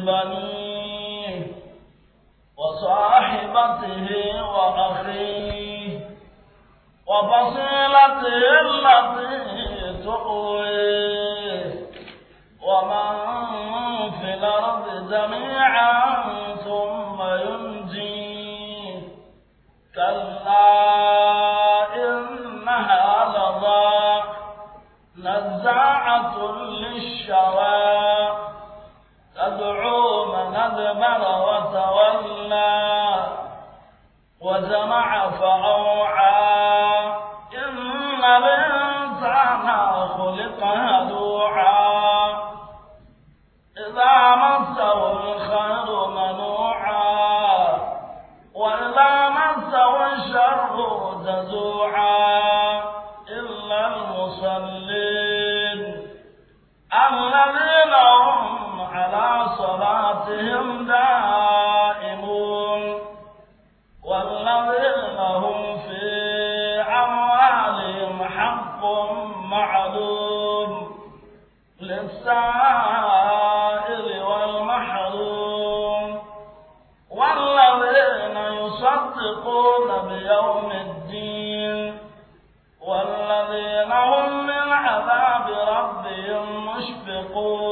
بنيه وصاحبته وأخيه وفصيلته التي تؤويه ومن في الأرض جميعا ثم ينجيه كلا إنها لضاع نزاعة للشواق تدعو من أدبر وتولى وجمع فأوعى إن الإنسان خلق هدوعا إذا مسه الخير منوعا وإذا مسه الشر جزوعا إلا المصلين الذين على صلاتهم دائمون والذين هم في أموالهم حق معلوم للسائل والمحروم والذين يصدقون بيوم الدين والذين هم من عذاب ربهم مشفقون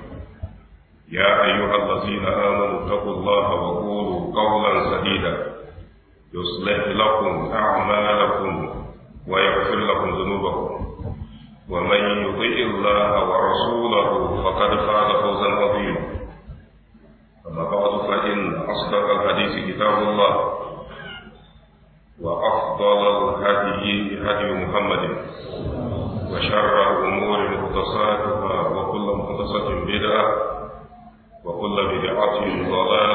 يا أيها الذين آمنوا اتقوا الله وقولوا قولا سديدا يصلح لكم أعمالكم ويغفر لكم ذنوبكم ومن يطع الله ورسوله فقد فاز فوزا عظيما أما بعد فإن أصدق الحديث كتاب الله وأفضل الهدي هدي محمد وشر الأمور مقتصاتها وكل مقتصة بدعة البقعة المضاعفة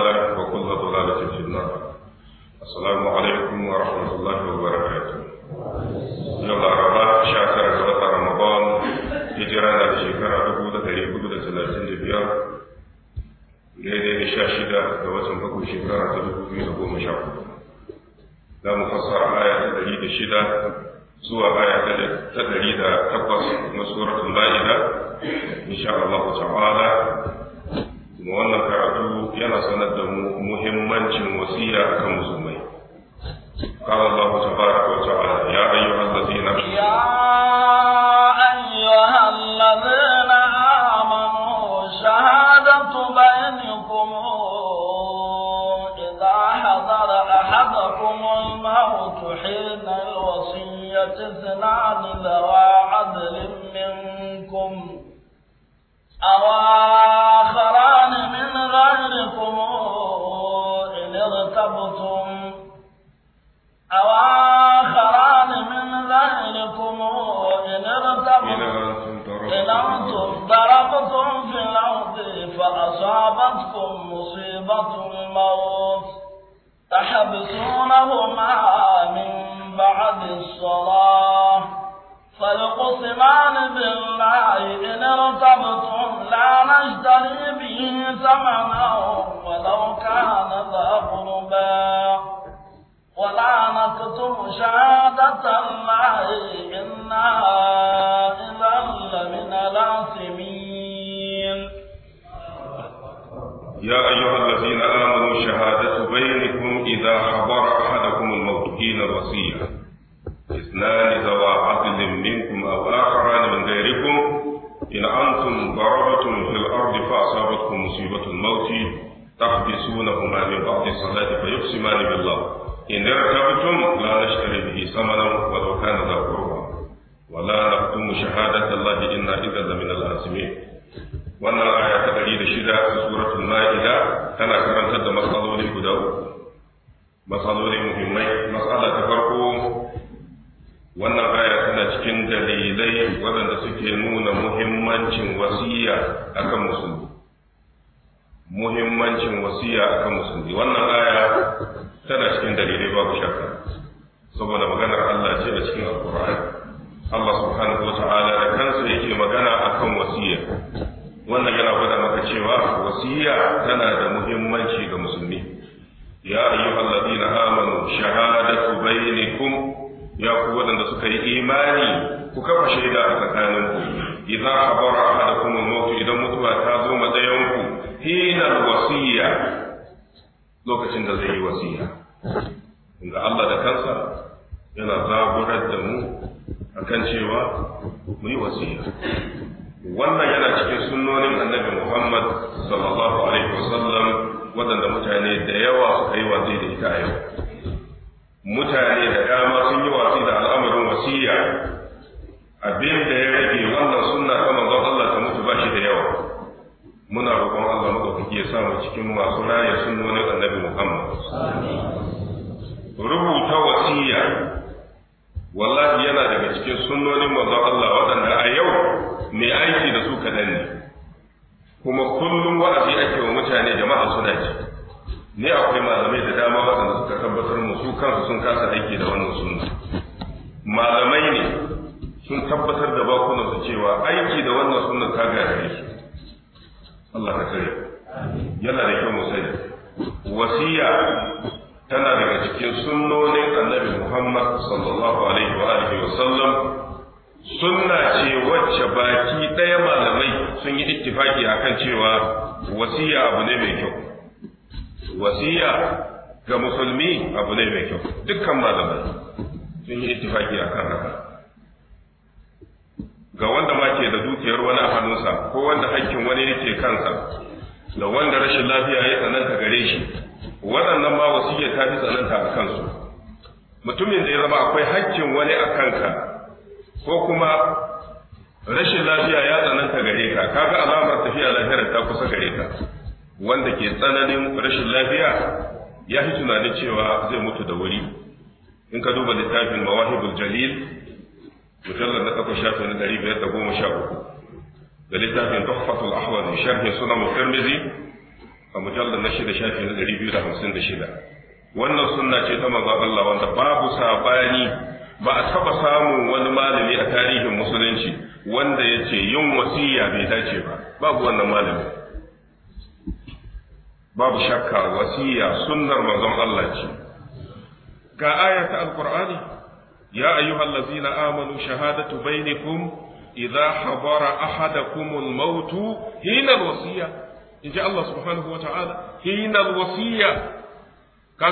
lokacin da zai yi wasiya inda Allah da kansa yana zaburar da mu akan cewa mu yi wasiya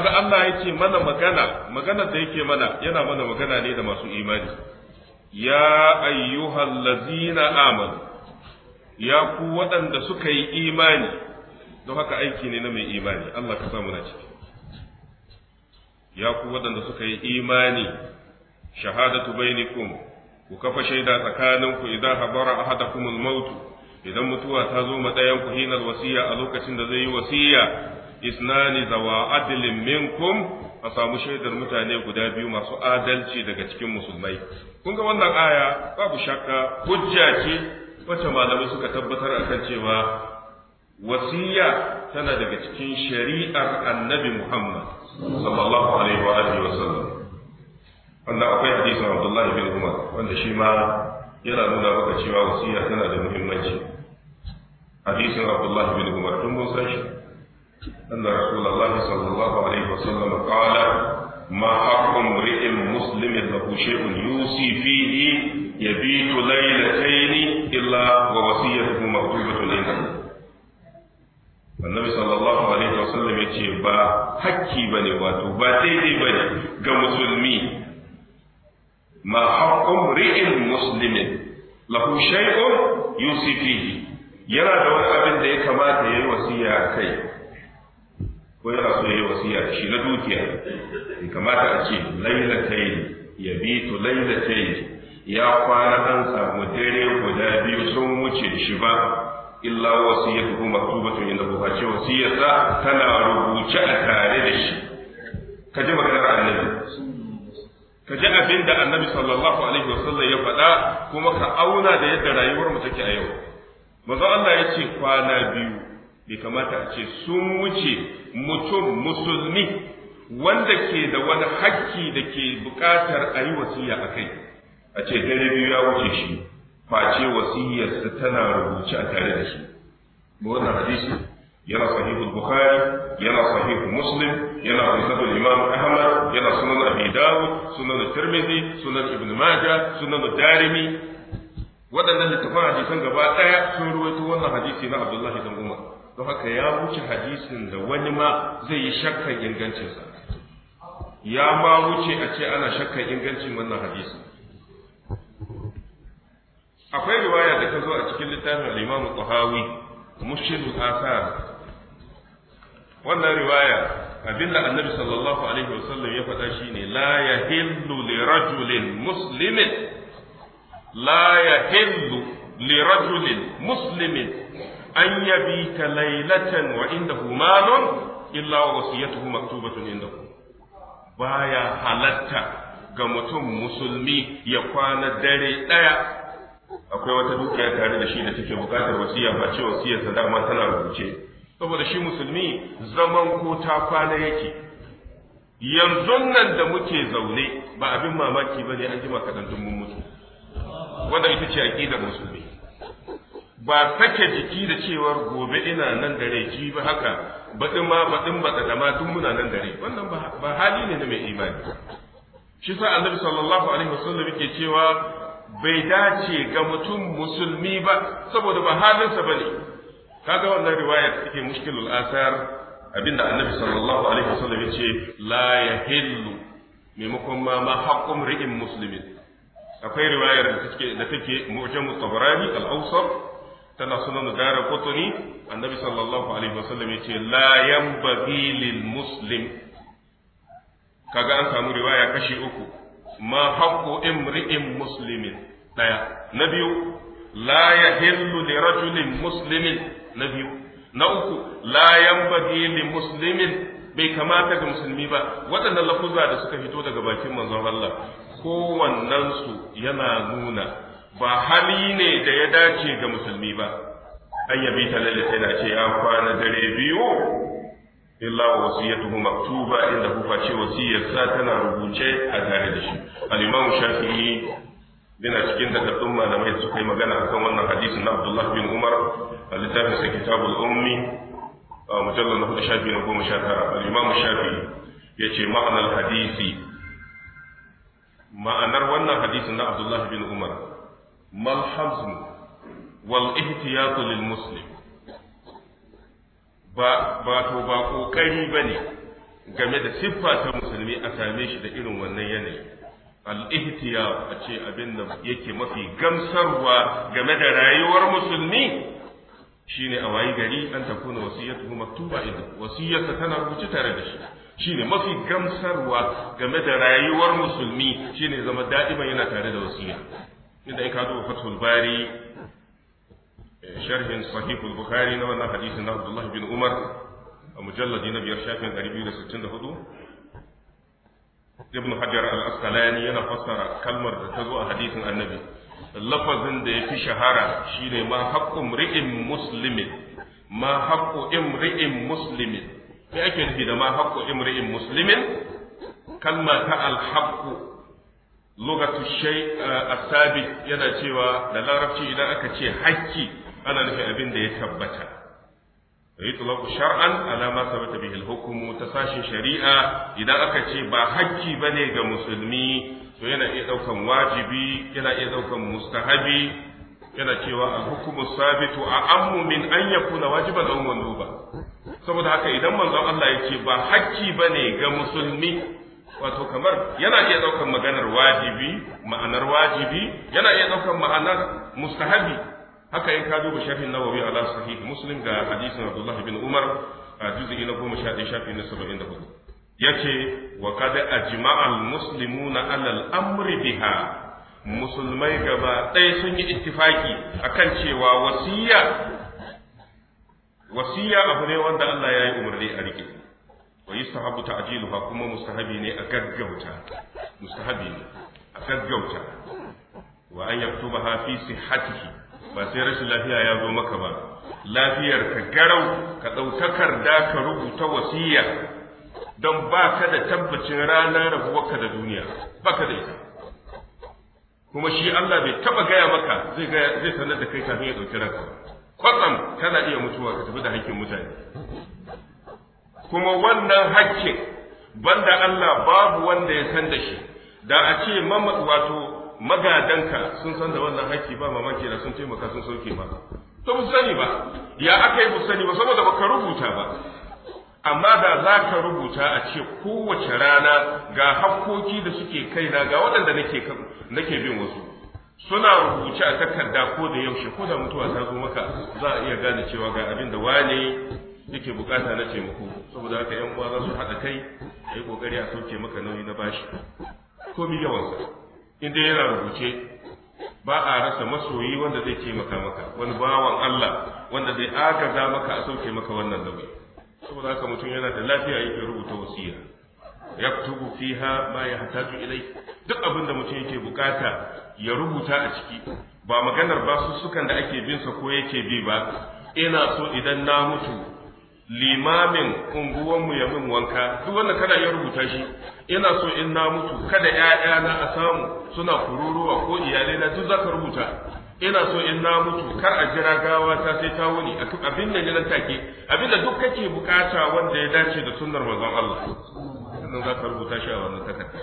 kaga Allah yake mana magana magana da yake mana yana mana magana ne da masu imani ya ayyuhal ladzina amanu ya ku waɗanda suka yi imani don haka aiki ne na mai imani Allah ka samu na ciki ya ku waɗanda suka yi imani shahadatu bainikum ku kafa shaida tsakaninku idan habara ahadakumul mautu idan mutuwa ta zo ma ɗayan ku hinal wasiya a lokacin da zai yi wasiya isnani zawa adlin minkum a samu shaidar mutane guda biyu masu adalci daga cikin musulmai kun ga wannan aya babu shakka hujja ce wacce malamai suka tabbatar akan cewa wasiya tana daga cikin shari'ar annabi Muhammad sallallahu alaihi wa wa sallam wannan akwai hadisin Abdullah bin Umar wanda shi ma yana nuna maka cewa wasiya tana da muhimmanci hadisin Abdullah bin Umar tun mun san shi أن رسول الله صلى الله عليه وسلم قال ما حق امرئ مسلم له شيء يوصي فيه يبيت ليلتين إلا ووصيته مكتوبة عنده annabi sallallahu alaihi wasallam ya ce ba hakki ba ne wato ba daidai ba ne ga musulmi ma haƙƙun ri'in muslimin lahu shay'un yusifihi yana da wani abin da ya kamata ya yi wasiya kai ko yana so yi wasiya da shi na dukiya in kamata a ce lailatai ya bi bitu lailatai ya kwana an samu dare guda biyu sun wuce shi ba illa wasiyatuhu maktubatun inda buha ce sa tana rubuce a tare da shi ka ji maganar annabi ka ji abin da annabi sallallahu alaihi wasallam ya faɗa kuma ka auna da yadda rayuwar mu take a yau manzo Allah ya ce kwana biyu bai kamata a ce sun wuce mutum musulmi wanda ke da wani hakki da ke buƙatar a yi wasiya a kai a ce dare biyu ya wuce shi face wasiyarsa tana rubuce a tare da shi wannan hadisi yana sahihul bukhari yana sahihul muslim yana musnadul imam ahmad yana sunan abi dawud sunan tirmidhi sunan ibn majah sunan darimi waɗannan littafan hadisan gaba ɗaya sun ruwaito wannan hadisi na abdullahi dan umar don haka ya wuce hadisin da wani ma zai yi shakkan ingancinsa ya ma wuce a ce ana shakkan ingancin wannan hadisin akwai riwaya da ta zo a cikin littafin al-Imam Tahawi asar wannan riwaya abinda annabi sallallahu alaihi wasallam ya faɗa shine la yahillu li rajulin muslimin la li rajulin muslimin an yabi ta lailatan wa inda malun illa wa wasiyatuhu maktubatun indahu baya halatta ga mutum musulmi ya kwana dare ɗaya akwai wata dukiya tare da shi da take bukatar wasiya ba ce wasiyarsa dama tana rubuce saboda shi musulmi zaman ko ta kwana yake yanzu nan da muke zaune ba abin mamaki ba ne an jima kaɗan mun mutu wanda ita ce aƙidar musulmi ba sake jiki da cewar gobe ina nan da rai ji ba haka baɗin ma baɗin ba da ma duk muna nan da rai wannan ba hali ne na mai imani shi sa annabi sallallahu alaihi wasallam yake cewa bai dace ga mutum musulmi ba saboda ba halinsa bane kaga wannan riwaya da take mushkilul asar abinda annabi sallallahu alaihi wasallam yace la yahillu maimakon ma ma haqqum ri'in muslimin akwai riwayar da take da take mu'jamu tabarani al-awsat tana sunan gara kutuni annabi sallallahu alaihi wasallam ya ce la yanbaghi lil muslim kaga an samu riwaya kashi uku ma haqqu imri'in muslimin daya na biyu la yahillu li rajulin muslimin na biyu na uku la yanbaghi li muslimin bai kamata ga musulmi ba waɗannan lafuza da suka fito daga bakin manzon Allah kowannen yana nuna ba hali ne da ya dace ga musulmi ba ayyabi talalle sai na ce ya kwana dare biyu illa wa wasiyatuhu maktuba inda ku face wasiyar sa tana rubuce a tare da shi al-imam shafi'i yana cikin takardun malamai suka yi magana akan wannan hadisin na Abdullah bin Umar a littafin sa kitabul ummi a mujallar na hudu shafi na goma sha tara al-imam shafi'i ya ce ma'anar hadisi ma'anar wannan hadisin na Abdullah bin Umar mal hazm wal ihtiyat muslim ba ba to ba kokari bane game da siffa ta musulmi a same shi da irin wannan yanayi al ihtiyat a ce abin da yake mafi gamsarwa game da rayuwar musulmi shine a wayi gari an takuna wasiyatuhu maktuba idan wasiyarsa tana rubuce tare da shi shine mafi gamsarwa game da rayuwar musulmi shine zama da'iman yana tare da wasiya inda in ka duba fathul bari sharhin sahihul bukhari na wannan hadisi na abdullahi bin umar a mujalladi na biyar shafin 264 ibn hajar al-asqalani yana fassara kalmar da ta zo a hadisin annabi lafazin da ya shahara shine ma haqqu imri'in muslimin ma haqqu imri'in muslimin me ake nufi da ma haqqu imri'in muslimin kalma ta al-haqqu lugatu shay eh, asabi yana cewa da larabci idan aka ce hakki ana nufin abin da ya tabbata yutlaqu shar'an ala sabata bihi al ta sashin shari'a idan aka ce ba hakki bane ga musulmi to yana iya daukan wajibi yana iya daukan mustahabi yana cewa al-hukmu sabitu ammu min an yakuna wajiban aw manduba saboda haka idan manzon Allah ya ce ba hakki bane ga musulmi wato kamar yana iya ɗaukar maganar wajibi ma'anar wajibi yana iya ɗaukar ma'anar mustahabi haka in ka duba shafin nawawi ala sahih muslim ga hadisin abdullah bin umar a juz'i na goma sha ɗaya shafi na saba'in da hudu yace wa kada ajma'a al ala amri biha musulmai gaba ɗaya sun yi ittifaki akan cewa wasiya wasiya abu ne wanda Allah ya yi umarni a rike wa yustahabu ta'jiluha kuma mustahabi ne a gaggauta mustahabi ne a gaggauta wa an yaktubaha fi sihhatihi ba sai rashin lafiya ya zo maka ba lafiyar ka garau ka daukakar da ka rubuta wasiya don ba ka da tabbacin ranar ka da duniya ba ka da ita kuma shi Allah bai taba gaya maka zai zai sanar da kai kafin ya dauki ranka kwatsam kana iya mutuwa ka tafi da hakkin mutane kuma wannan hakkin banda Allah babu wanda ya san da shi da a ce wato magadanka sun san da wannan hakki ba mamaki da sun taimaka sun sauke ba to mu sani ba ya aka yi sani ba saboda ba ka rubuta ba amma da za ka rubuta a ce kowace rana ga hakkoki da suke kaina ga waɗanda nake nake bin wasu suna rubuce a takarda ko da yaushe ko da mutuwa ta zo maka za a iya gane cewa ga abin da wane yake bukata na taimako saboda haka yan uwa za su haɗa kai a yi kokari a sauke maka nauyi na bashi ko mi yawansa in dai yana rubuce ba a rasa masoyi wanda zai taimaka maka wani bawan Allah wanda zai agaza maka a sauke maka wannan nauyi saboda haka mutum yana da lafiya yake rubuta wasiya yaktubu fiha ma yahtaju ilai duk abin da mutum yake bukata ya rubuta a ciki ba maganar ba su sukan da ake bin sa ko yake bi ba ina so idan na mutu limamin unguwanmu ya min wanka duk wanda kana iya rubuta shi ina so in na mutu kada ‘ya'yana a samu suna kururuwa ko iyalai na duk zaka rubuta ina so in na mutu kar a jira gawa ta sai ta wuni a abin da nan take abin da duk kake bukata wanda ya dace da sunnar manzon Allah sannan zaka rubuta shi a wannan takarda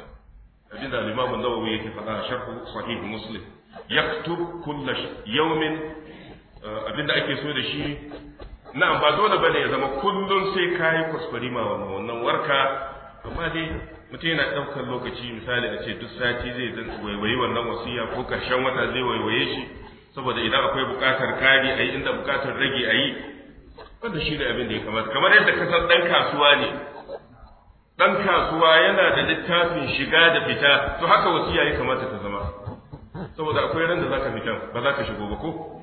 abin da limamin imam an yake faɗa a sharh sahih Muslim yaktub kullu yawmin eh, abin da ake so da shi na'am ba dole bane ya zama kullum sai kayi kuskure ma wannan warka amma dai mutum yana ɗaukar lokaci misali a ce duk sati zai zan waiwayi wannan wasiya ko karshen wata zai waiwaye shi saboda idan akwai buƙatar kari a yi inda buƙatar rage a yi wanda shi da abin da ya kamata kamar yadda ka san ɗan kasuwa ne ɗan kasuwa yana da littafin shiga da fita to haka wasiya ya kamata ta zama saboda akwai ran da zaka fita ba za ka shigo ba ko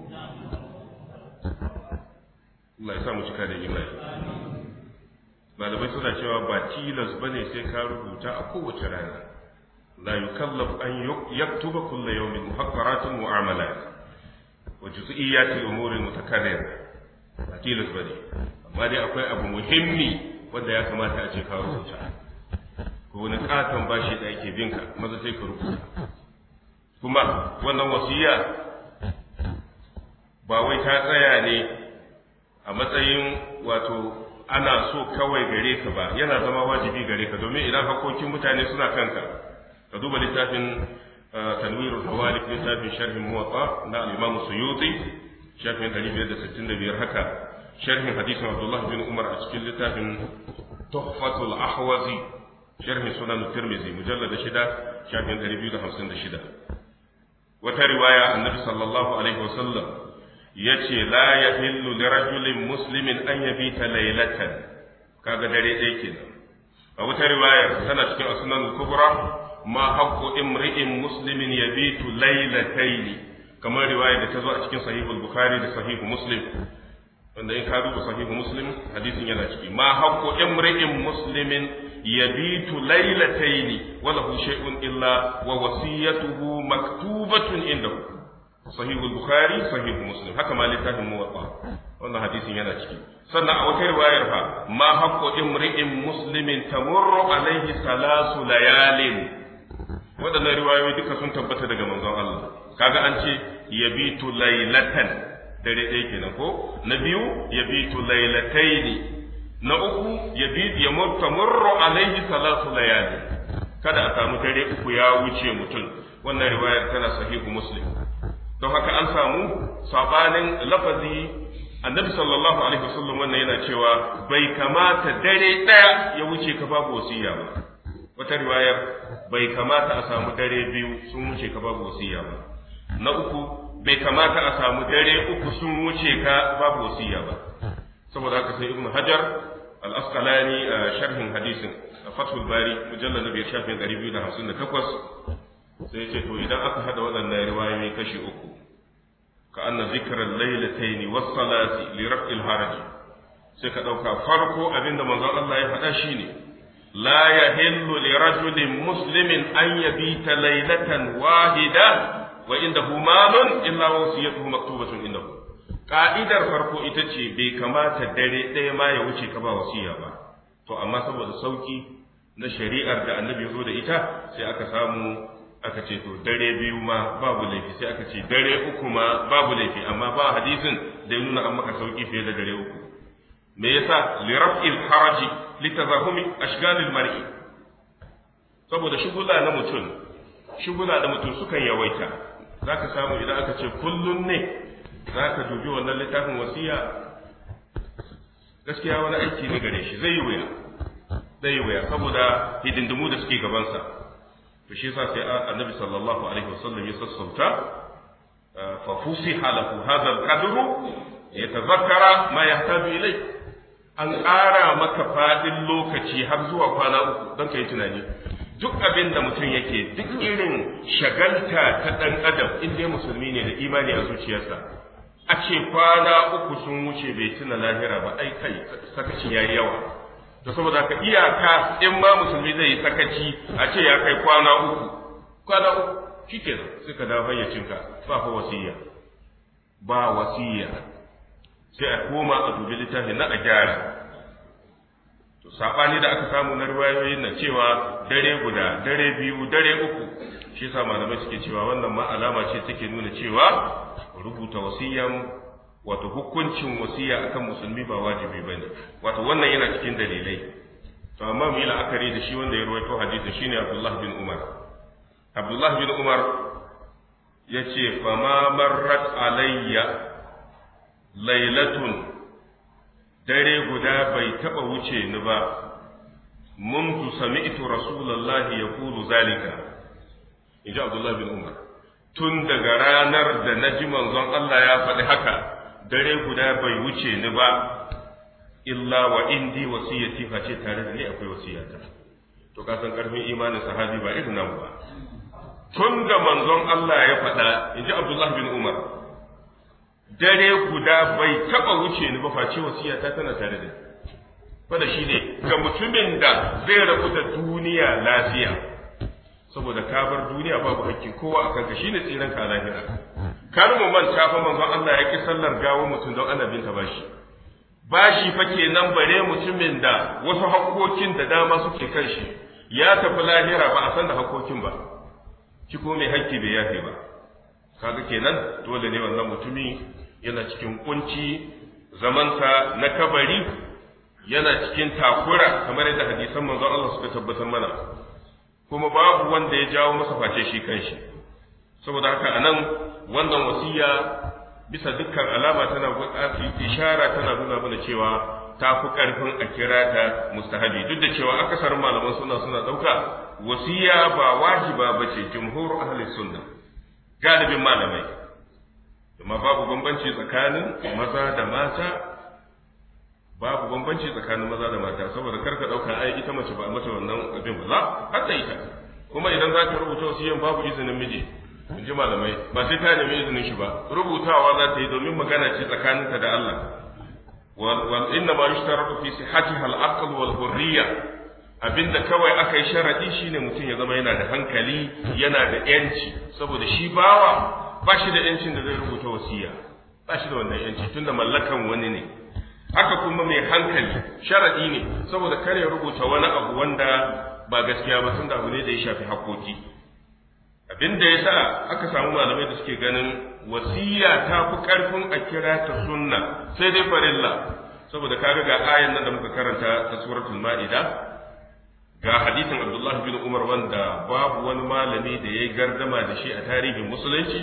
Allah ya sa mu cika da imani malamai suna cewa ba tilas bane sai ka rubuta a kowace rana la yukallaf an yaktuba kullu yawmin muhaqqaratun mu'amalat wa juz'iyyati umurin mutakarrir ba tilas bane amma dai akwai abu muhimmi wanda ya kamata a ce ka rubuta ko wani katon bashi da ake binka maza sai ka rubuta kuma wannan wasiya ba wai ta tsaya ne a matsayin wato ana so kawai gare ka ba yana zama wajibi gare ka domin idan hakokin mutane suna kanka ka duba littafin uh, tanwirul hawali littafin sharhin muwatta na al-imam suyuti sharhin 565 haka sharhin hadisin abdullah bin umar a cikin littafin tuhfatul ahwazi sharhin sunan tirmizi mujallad 6 sharhin 256 wata riwaya annabi sallallahu alaihi wasallam yace la ya yahillu li rajulin muslimin an yabita laylatan kaga dare ɗaya kenan a wata riwaya tana cikin asnan kubra ma haqqu imri'in muslimin yabitu laylataini kamar riwaya da ta zo a cikin sahihu bukhari da sahihu muslim wanda in ka duba sahihu muslim hadisin yana ciki ma haqqu imri'in muslimin yabitu laylataini wa lahu shay'un illa wa wasiyatuhu maktubatun indahu sahihul bukhari sahihul muslim haka ma littafin muwatta wannan hadisin yana ciki sannan a wata riwayar fa ma haqqu imri'in muslimin tamurru alaihi salasu layalin waɗannan riwayoyi duka sun tabbata daga manzon Allah kaga an ce yabitu laylatan dare ɗaya kenan ko na biyu yabitu laylataini na uku yabitu yamurru alaihi salasu layalin kada a samu dare uku ya wuce mutum wannan riwayar tana sahihu muslim don haka an samu sabanin lafazi annabi sallallahu alaihi wasallam wannan yana cewa bai kamata dare ɗaya ya wuce ka babu wasiya ba wata riwayar bai kamata a samu dare biyu sun wuce ka babu wasiya ba na uku bai kamata a samu dare uku sun wuce ka babu wasiya ba saboda haka sai ibnu hajar al-asqalani sharhin hadisin fathul bari mujallal na biyar shafin 258 sai ce to idan aka hada waɗannan riwayoyi kashi uku ka anna zikran lailataini was salati li raf'il haraj sai ka dauka farko abinda manzon Allah ya faɗa shine la yahillu li rajulin muslimin an yabita lailatan wahida wa indahu malun illa wasiyatuhu maktubatun indahu ka'idar farko ita ce bai kamata dare ɗaya ma ya wuce ka ba wasiya ba to amma saboda sauki na shari'ar da annabi ya zo da ita sai aka samu aka ce to dare biyu ma babu laifi sai aka ce dare uku ma babu laifi amma ba hadisin da ya nuna an maka sauki fiye da dare uku me yasa li raf'il haraji li tazahumi ashgalil mar'i saboda shugula na mutum shugula da mutum sukan yawaita zaka samu idan aka ce kullun ne zaka dubi wannan littafin wasiya gaskiya wani aiki ne gare shi zai yi wuya zai yi wuya saboda hidindimu da suke gabansa to shi yasa sai annabi sallallahu alaihi wasallam ya sassauta ah, fa fusiha lahu hadha al yatazakkara ma yahtaju ilayhi an ƙara maka fadin lokaci har zuwa kwana uku don ka yi tunani duk abin da mutum yake duk irin shagalta ta ɗan adam inda dai musulmi ne da imani a zuciyarsa a ce kwana uku sun wuce bai tuna lahira ba ai kai sakacin yayi yawa to saboda ka iyaka in ba musulmi zai yi sakaci a ce ya kai kwana uku kwana uku shikenan sai ka bayyacin ka ba fa wasiya ba wasiya sai a koma a dubi littafin na a gyara to sabani da aka samu na riwayoyin na cewa dare guda dare biyu dare uku shi yasa malamai suke cewa wannan ma alama ce take nuna cewa rubuta wasiyan wato hukuncin wasiya akan musulmi ba wajibi bane wato wannan yana cikin dalilai to amma mu yi la'akari da shi wanda ya ruwaito hadisi shine Abdullah bin Umar Abdullah bin Umar yace fa ma marrat alayya lailatun dare guda bai taba wuce ni ba منذ سمعت رسول الله يقول ذلك إن الله بن عمر tun daga ranar da na ji manzon Allah ya faɗi haka dare guda bai wuce ni ba illa wa indi wasiyati face tare da ni akwai wasiyata to ka san karfin imanin sahabi ba irin nan ba tun da manzon Allah ya faɗa in ji Abdullah bin Umar dare guda bai taɓa wuce ni ba face wasiyata tana tare da ni da shi ne ga mutumin da zai rabu da duniya lafiya saboda ka bar duniya babu hakki kowa a kanka shine tsiran ka lafiya kar mu manta fa manzon Allah ya ki sallar gawo mutum don ana binta bashi bashi fa kenan bare mutumin da wasu hakkokin da dama suke kan shi ya tafi lahira ba a san da hakkokin ba Ki ko mai hakki bai yafe ba kaga kenan dole ne wannan mutumi yana cikin kunci zamansa na kabari yana cikin takura kamar yadda hadisan manzon Allah suka tabbatar mana kuma babu wanda ya jawo masa face shi kanshi saboda haka anan wannan wasiya bisa dukkan alama tana ishara tana nuna mana cewa ta fi karfin a kira ta mustahabi duk da cewa akasar malaman suna suna dauka wasiya ba wajiba bace jumhur ahli sunna galibin malamai kuma babu bambanci tsakanin maza da mata babu bambanci tsakanin maza da mata saboda karka dauka ai ita mace ba mace wannan abin ba za hatta ita kuma idan za ka rubuta wasiyan babu izinin miji in malamai ba sai ta nemi izinin shi ba rubutawa za ta yi domin magana ce tsakaninta da Allah wal inna ma yushtaratu fi sihhatiha al aql wal hurriya abinda kawai aka yi sharadi shine mutum ya zama yana da hankali yana da yanci saboda shi bawa ba shi da yancin da zai rubuta wasiya ba shi da wannan yanci tunda mallakan wani ne haka kuma mai hankali sharadi ne saboda kar ya rubuta wani abu wanda ba gaskiya ba tunda abu ne da ya shafi hakoki abin da ya sa aka samu malamai da suke ganin wasiya ta fi karfin a kira ta sunna sai dai farilla saboda ka ga ayan nan da muka karanta ta suratul ma'ida ga hadisin abdullahi bin umar wanda babu wani malami da ya gardama da shi a tarihin musulunci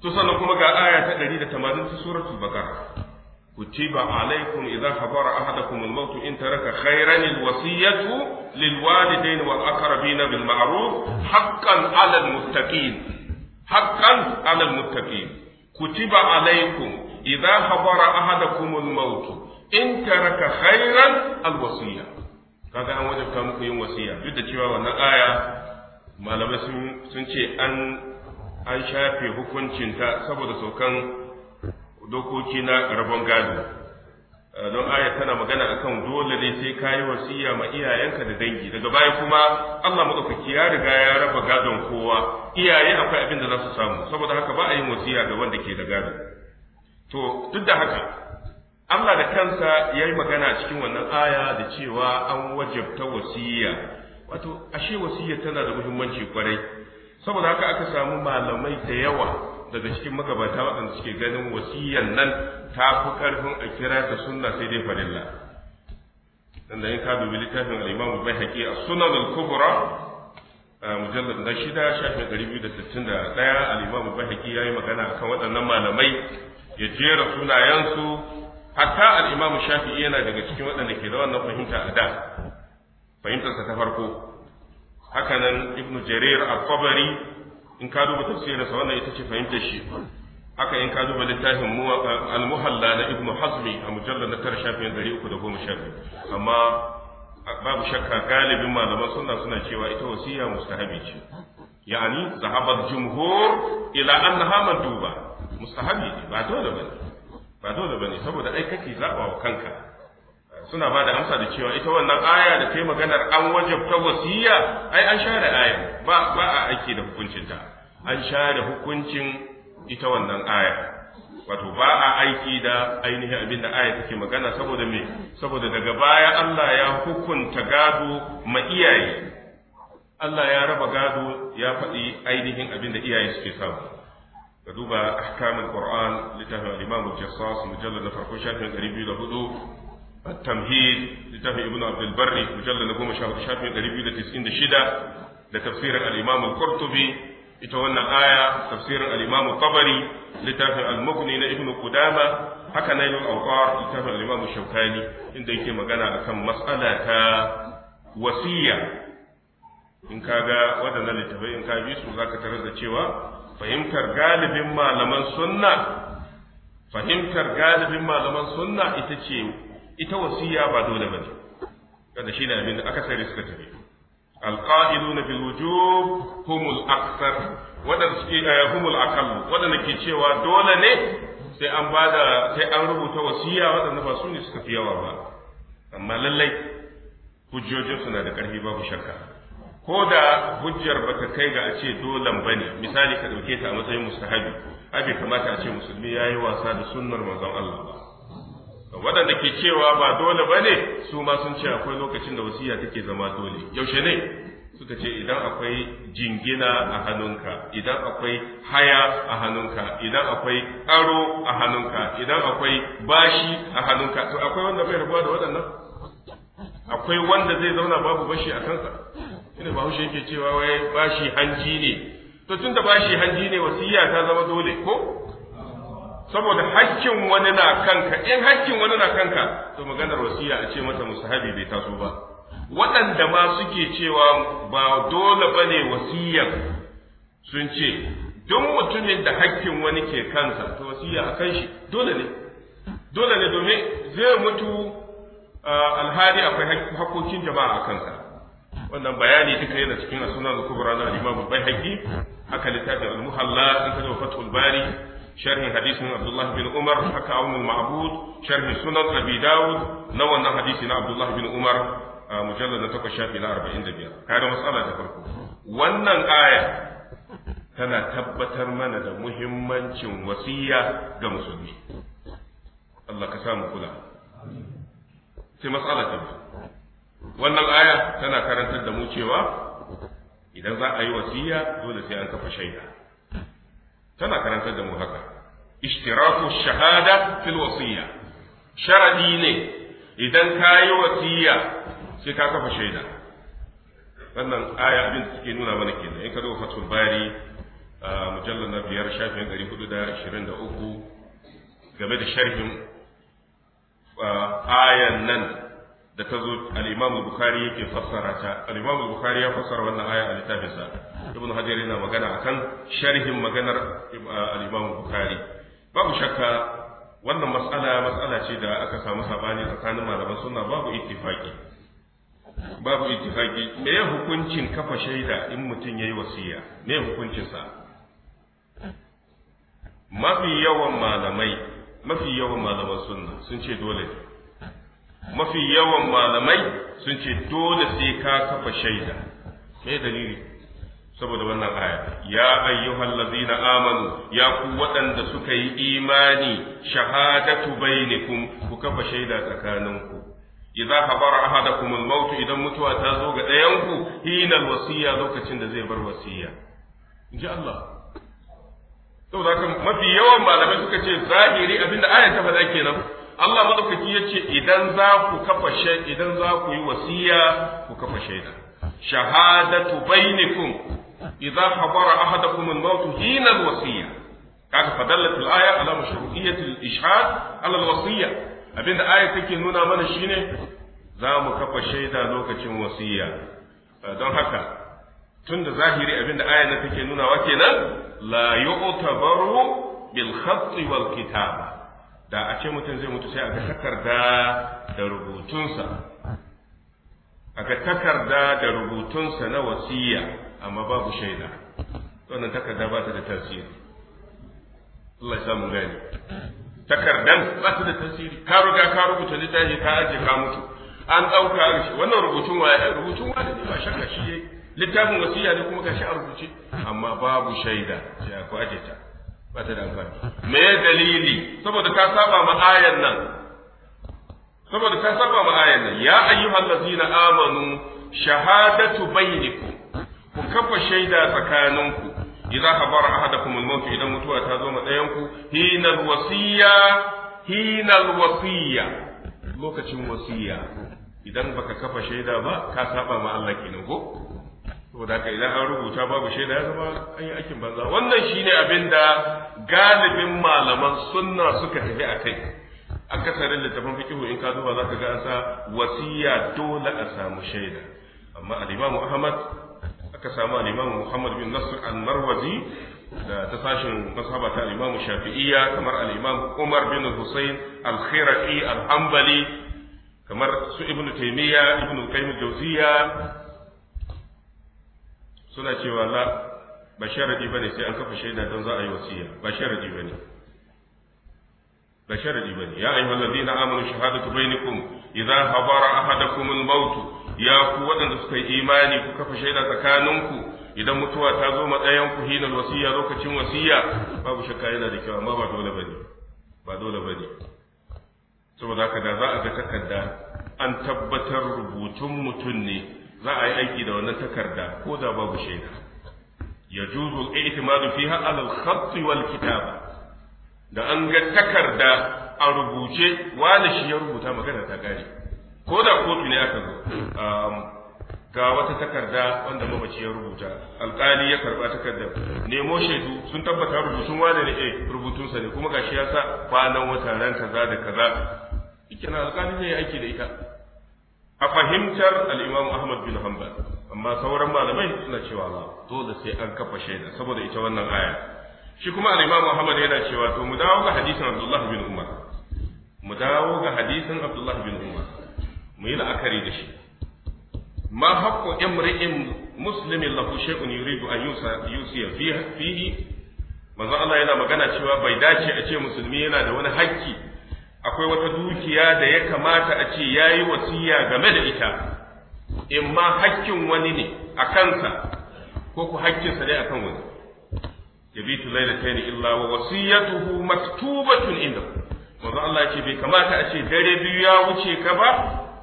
to sannan kuma ga aya ta 180 ta suratul baqara kutiba alaikum idza habara ahadakum al-maut in taraka khayran al-wasiyatu lil walidayn wal aqrabin bil ma'ruf haqqan 'ala al-muttaqin haqqan 'ala al-muttaqin kutiba alaikum idza habara in kaga an wajabta muku yin wasiya duk da cewa wannan aya malamai sun ce an an shafe hukuncinta saboda saukan dokoki na rabon gado eh, don aya tana magana akan dole ne sai ka yi wasiya ma iyayenka da dangi daga baya kuma Allah madaukaki ya riga ya raba gadon kowa iyaye akwai abin da za su samu saboda haka ba a yin wasiya ga wanda ke da gado to duk da haka Allah da kansa ya yi magana cikin wannan aya da cewa an wajabta wasiya wato ashe wasiya tana da muhimmanci kwarai saboda haka aka samu malamai da yawa daga cikin magabata waɗanda suke ganin wasiyan nan ta fi ƙarfin a kira ta sunna sai dai farilla dan da yin ka dubi littafin al-Imam a as-Sunan al-Kubra mujallar na shida shafin ɗari biyu da sittin da ɗaya al-Imam Bayhaqi ya yi magana a kan waɗannan malamai ya jera sunayensu hatta al-Imam Shafi'i yana daga cikin waɗanda ke da wannan fahimta a da fahimtarsa ta farko hakanan Ibn Jarir al-Tabari in ka duba tafsirinsa wannan ita ce fahimtar shi haka in ka duba littafin eh, al-muhalla na ibnu hazmi a mujallar na tara shafin dari uku da goma shafi amma babu shakka galibin malaman suna suna cewa ita wasiya mustahabi ce yani zahabar jumhur ila annaha manduba mustahabi ba dole ba ne, ba dole ba ne saboda ai kake zaɓa wa kanka suna ba da amsa da cewa ita wannan aya da ta yi maganar an wajabta wasiya ai an share aya ba ba a aiki da hukuncinta an share hukuncin ita wannan aya wato ba a aiki da ainihin abin da aya take magana saboda me saboda daga baya Allah ya hukunta gado ma iyaye Allah ya raba gado ya faɗi ainihin abin da iyaye suke samu ka duba ahkamul qur'an littafin al-imam al-jassas mujallad na farko التمهيد لتفي ابن عبد البر مجلد نقوم شاف قريب تسعين شدة لتفسير الإمام القرطبي ita wannan aya tafsirin al-Imam Tabari littafin al-Mughni na Ibn Qudama haka nan al-Awqar littafin al-Imam inda yake magana akan mas'ala ta wasiya in kaga wadannan littafai in ka bi su zaka tarar da cewa fahimtar galibin malaman fahimtar galibin malaman sunna ita ce ita wasiya ba dole ba ne kada shi ne abin da akasari suka tafi alqa'iluna bil wujub humul aksar wadanda suke eh, humul aqall wadanda ke cewa dole ne sai an bada sai an rubuta wasiya wadanda ba su ne suka fi yawa ba amma lallai hujjojin suna da karfi babu shakka ko da hujjar ta kai ga a ce dolan bane misali ka dauke ta a matsayin mustahabi abi kamata a ce musulmi ya yi wasa da sunnar manzon Allah ba waɗanda ke cewa ba dole ba ne su ma sun ce akwai lokacin da wasiya take zama dole yaushe ne suka ce idan akwai jingina a hannunka idan akwai haya a hannunka idan akwai aro a hannunka idan akwai bashi a hannunka to akwai wanda bai rabuwa da waɗannan akwai wanda zai zauna babu bashi a kansa ina ba hushe yake cewa wai bashi hanji ne to tun da bashi hanji ne wasiya ta zama dole ko saboda hakkin wani na kanka in hakkin wani na kanka to maganar wasiya a ce mata musahabi bai taso ba waɗanda ma suke cewa ba dole ba ne wasiyar sun ce don mutumin da hakkin wani ke kansa to wasiya a kan shi dole ne dole ne domin zai mutu alhali akwai hakokin jama'a a kansa wannan bayani duka yana cikin asunan kubra na al bai haqi haka littafin al-muhalla in ka fatul bari sharhin hadisin Abdullah bin Umar haka aunul ma'bud sharhin sunan Abi Dawud na wannan hadisi na Abdullah bin Umar mujallad na takwas shafi na arba'in da biyar kaga matsala ta farko wannan aya tana tabbatar mana da muhimmancin wasiya ga musulmi Allah ka kula sai matsala ta wannan aya tana karantar da mu cewa idan za a yi wasiya dole sai an kafa shaida tana karantar da mu haka ishtiraku shahada fil wasiyya sharadi ne idan ka yi wasiya sai ka kafa shaida wannan aya abin da suke nuna mana kenan in ka zo fatul bari mujallal na biyar shafin ɗari hudu da da uku game da sharhin ayan nan da ta zo al-Imam Bukhari yake fassara ta al Bukhari ya fassara wannan aya a littafinsa Ibn Hajar yana magana a kan sharhin maganar uh, al-Imam Bukhari babu shakka wannan matsala matsala ce da aka samu sabani tsakanin malaman suna babu ittifaqi babu ittifaqi me ya hukuncin kafa shaida in mutum ya yi wasiya me ya hukuncin sa mafi yawan malamai mafi yawan malaman sunna sun ce dole ne mafi yawan malamai sun ce dole sai ka kafa shaida me dalili saboda wannan aya ya ayyuhal ladzina amanu ya ku waɗanda suka yi imani shahadatu bainakum ku kafa shaida tsakaninku idza habara ahadakum al-maut idan mutuwa ta zo ga ɗayanku hina al-wasiya lokacin da zai bar wasiya inji Allah saboda mafi yawan malamai suka ce zahiri abinda ayan ta faɗa kenan Allah madaukaki ce idan za ku kafa idan za ku yi wasiya ku kafa shaida shahadatu bainakum idza habara ahadakum al-maut hina al-wasiya kaga fadallat al-aya ala mashru'iyyati al-ishhad ala al-wasiya abinda aya take nuna mana shine za mu kafa shaida lokacin wasiya eh, don haka tun da zahiri abinda aya na take nunawa kenan la yu'tabaru bil khatti wal kitaba da a ce mutum zai mutu sai a ga takarda da rubutunsa a ga takarda da rubutunsa na wasiya amma babu shaida wannan takarda ba ta da tasiri Allah ya samu gani takardan ba ta da tasiri ka riga ka rubuta littafi ka aje ka mutu an ɗauka a rushe wannan rubutun wa ya rubutun wa ne ba shakka shi littafin wasiya ne kuma shi a rubuce amma babu shaida sai ku aje ta ba ta da amfani me ya dalili saboda ka saba ma ayan nan saboda ka saba ma ayan nan ya ayyuhal ladzina amanu shahadatu bainakum ku kafa shaida tsakaninku idza habara ahadakum al-maut idan mutuwa ta zo ma dayan ku wasiya wasiya lokacin wasiya idan baka kafa shaida ba ka saba ma Allah kenan ko saboda haka idan an rubuta babu shaida ya zama an yi aikin banza wannan shine abin da galibin malaman sunna suka tafi a kai akasarin littafin fikihu in ka zuwa zaka ga an sa wasiya dole a samu shaida amma al-Imam Ahmad aka samu al-Imam Muhammad bin Nasr al-Marwazi da ta sashin masaba ta al-Imam Shafi'iyya kamar al-Imam Umar bin Husayn, al-Khiraqi al-Hanbali kamar su ibnu Taymiyyah Ibn Qayyim al-Jawziyya suna cewa la ba sharadi bane sai an kafa shaida don za a yi wasiya ba sharadi bane ba sharadi bane ya ayyuhal ladina amanu shahadatu bainakum idza habara ahadakum al-maut ya ku wadanda suka yi imani ku kafa shaida tsakaninku idan mutuwa ta zo matsayin ku hinal wasiya lokacin wasiya babu shakka yana da kyau amma ba dole bane ba dole bane saboda haka da za a ga takarda an tabbatar rubutun mutum ne za a yi aiki da wannan takarda ko da babu shaida ya juzu i'timadu fiha ala al-khatt wal kitaba da an ga takarda a rubuce wani shi ya rubuta magana ta gari ko da kotu ne aka zo um, ga wata takarda wanda mamaci ya rubuta alƙali ya karba takarda. nemo shaidu sun tabbata rubutun wane ne eh rubutunsa ne kuma gashi ya sa kwanan wata ran kaza da kaza ikina alƙali ne ya aiki da ita a fahimtar al'imam Ahmad bin Hanbal amma sauran malamai suna cewa la dole sai an kafa shaida saboda ita wannan aya shi kuma al'imam Muhammad yana cewa to mu dawo ga hadisin Abdullah bin Umar mu dawo ga hadisin Abdullah bin Umar mu yi la'akari da shi ma haqqu imri'in muslimin lahu shay'un yuridu an yusiya fihi manzo Allah yana magana cewa bai dace a ce musulmi yana da wani haƙƙi akwai wata dukiya da ya kamata a ce ya yi wasiya game da ita in ma hakkin wani ne a kansa ko ku hakkinsa dai a kan wani yabitu lailatayn illa wa wasiyatuhu maktubatun inda Wanzu Allah ce bai kamata a ce dare biyu ya wuce ka ba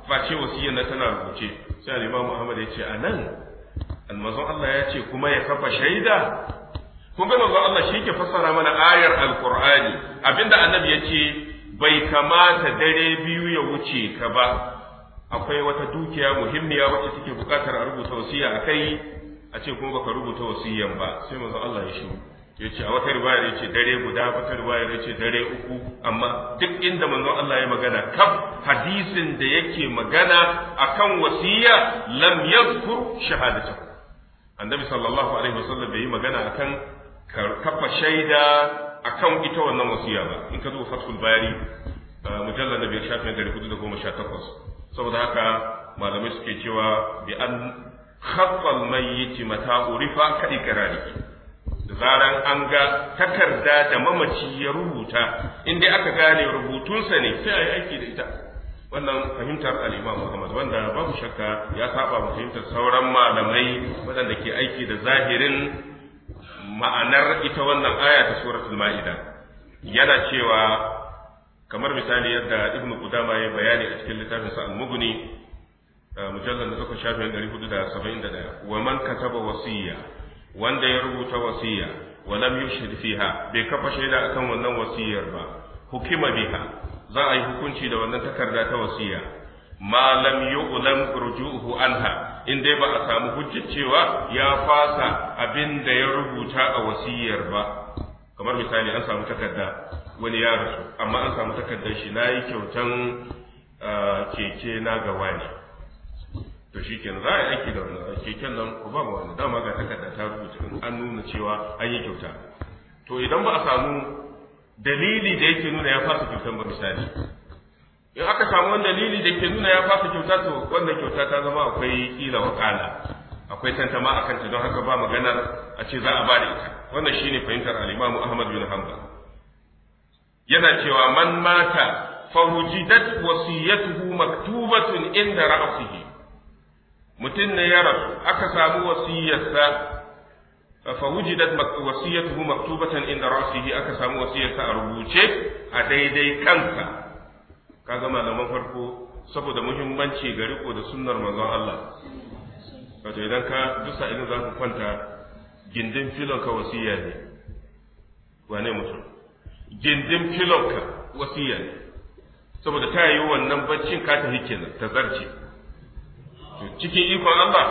Ba ce wasiyyar na tana rubuce sai al-Imam Muhammad ya ce a anan almazan Allah ya ce kuma ya kafa shaida kun ga manzo Allah shi ke fassara mana ayar alqur'ani abinda annabi ya ce bai kamata dare biyu ya wuce ka ba akwai wata dukiya muhimmiya wacce take bukatar a rubuta wasiya a kai a ce kuma baka rubuta wasiyan ba sai manzo Allah ya shi ya ce a wata riwaya ya ce dare guda wata riwaya ya ce dare uku amma duk inda manzo Allah ya magana kaf hadisin da yake magana akan wasiya lam yadhkur shahadata annabi sallallahu alaihi wasallam bai yi magana akan kafa shaida akan ita wannan wasiya ba in ka zo fathul bayani mujallal da biyar shafin dari hudu da goma sha takwas saboda haka malamai suke cewa bi an khaffal yi mata urifa ka ikrari da zaran an ga takarda da mamaci ya rubuta in dai aka gane rubutunsa ne sai a yi aiki da ita wannan fahimtar al'imam Muhammad wanda babu shakka ya saba fahimtar sauran malamai waɗanda ke aiki da zahirin ma'anar ita wannan aya ta suratul ma'ida yana cewa kamar misali yadda ibn qudama ya bayani a cikin littafin sa al-mughni mujallal na takwas shafin 471 wa man kataba wasiya wanda ya rubuta wasiya wa lam yushhid fiha bai kafa shaida akan wannan wasiyar ba hukima biha za a yi hukunci da wannan takarda ta wasiya ma lam yu'lam rujuhu anha in dai ba a samu hujjar cewa ya fasa abin da ya rubuta a wasiyar ba kamar misali an samu takarda wani ya rasu amma an samu takardar shi nayi kyautan keke na ga wani to shi kenan za a yi aiki da wannan keken nan ko ba wani dama ga takarda ta rubuta an nuna cewa an yi kyauta to idan ba a samu dalili da yake nuna ya fasa kyautan ba misali in aka samu wani dalili da ke nuna ya fasa kyauta to wannan kyauta ta zama akwai kila wakala akwai tantama a kanta don haka ba maganar a ce za a ba da ita wannan shine fahimtar al-Imam Ahmad bin Hanbal yana cewa man mata fahujidat wasiyatuhu maktubatun inda ra'sihi mutum ne ya rasu aka samu wasiyarsa fahujidat wasiyatuhu maktubatan inda ra'sihi aka samu wasiyarsa a rubuce a daidai kansa kaga malaman farko saboda muhimmanci ga riko da sunnar manzon Allah wato idan ka dusa idan za ku kwanta gindin filon ka wasiya ne wane mutum gindin filon ka wasiya ne saboda ta yi wannan baccin ka ta kenan ta zarce cikin ikon Allah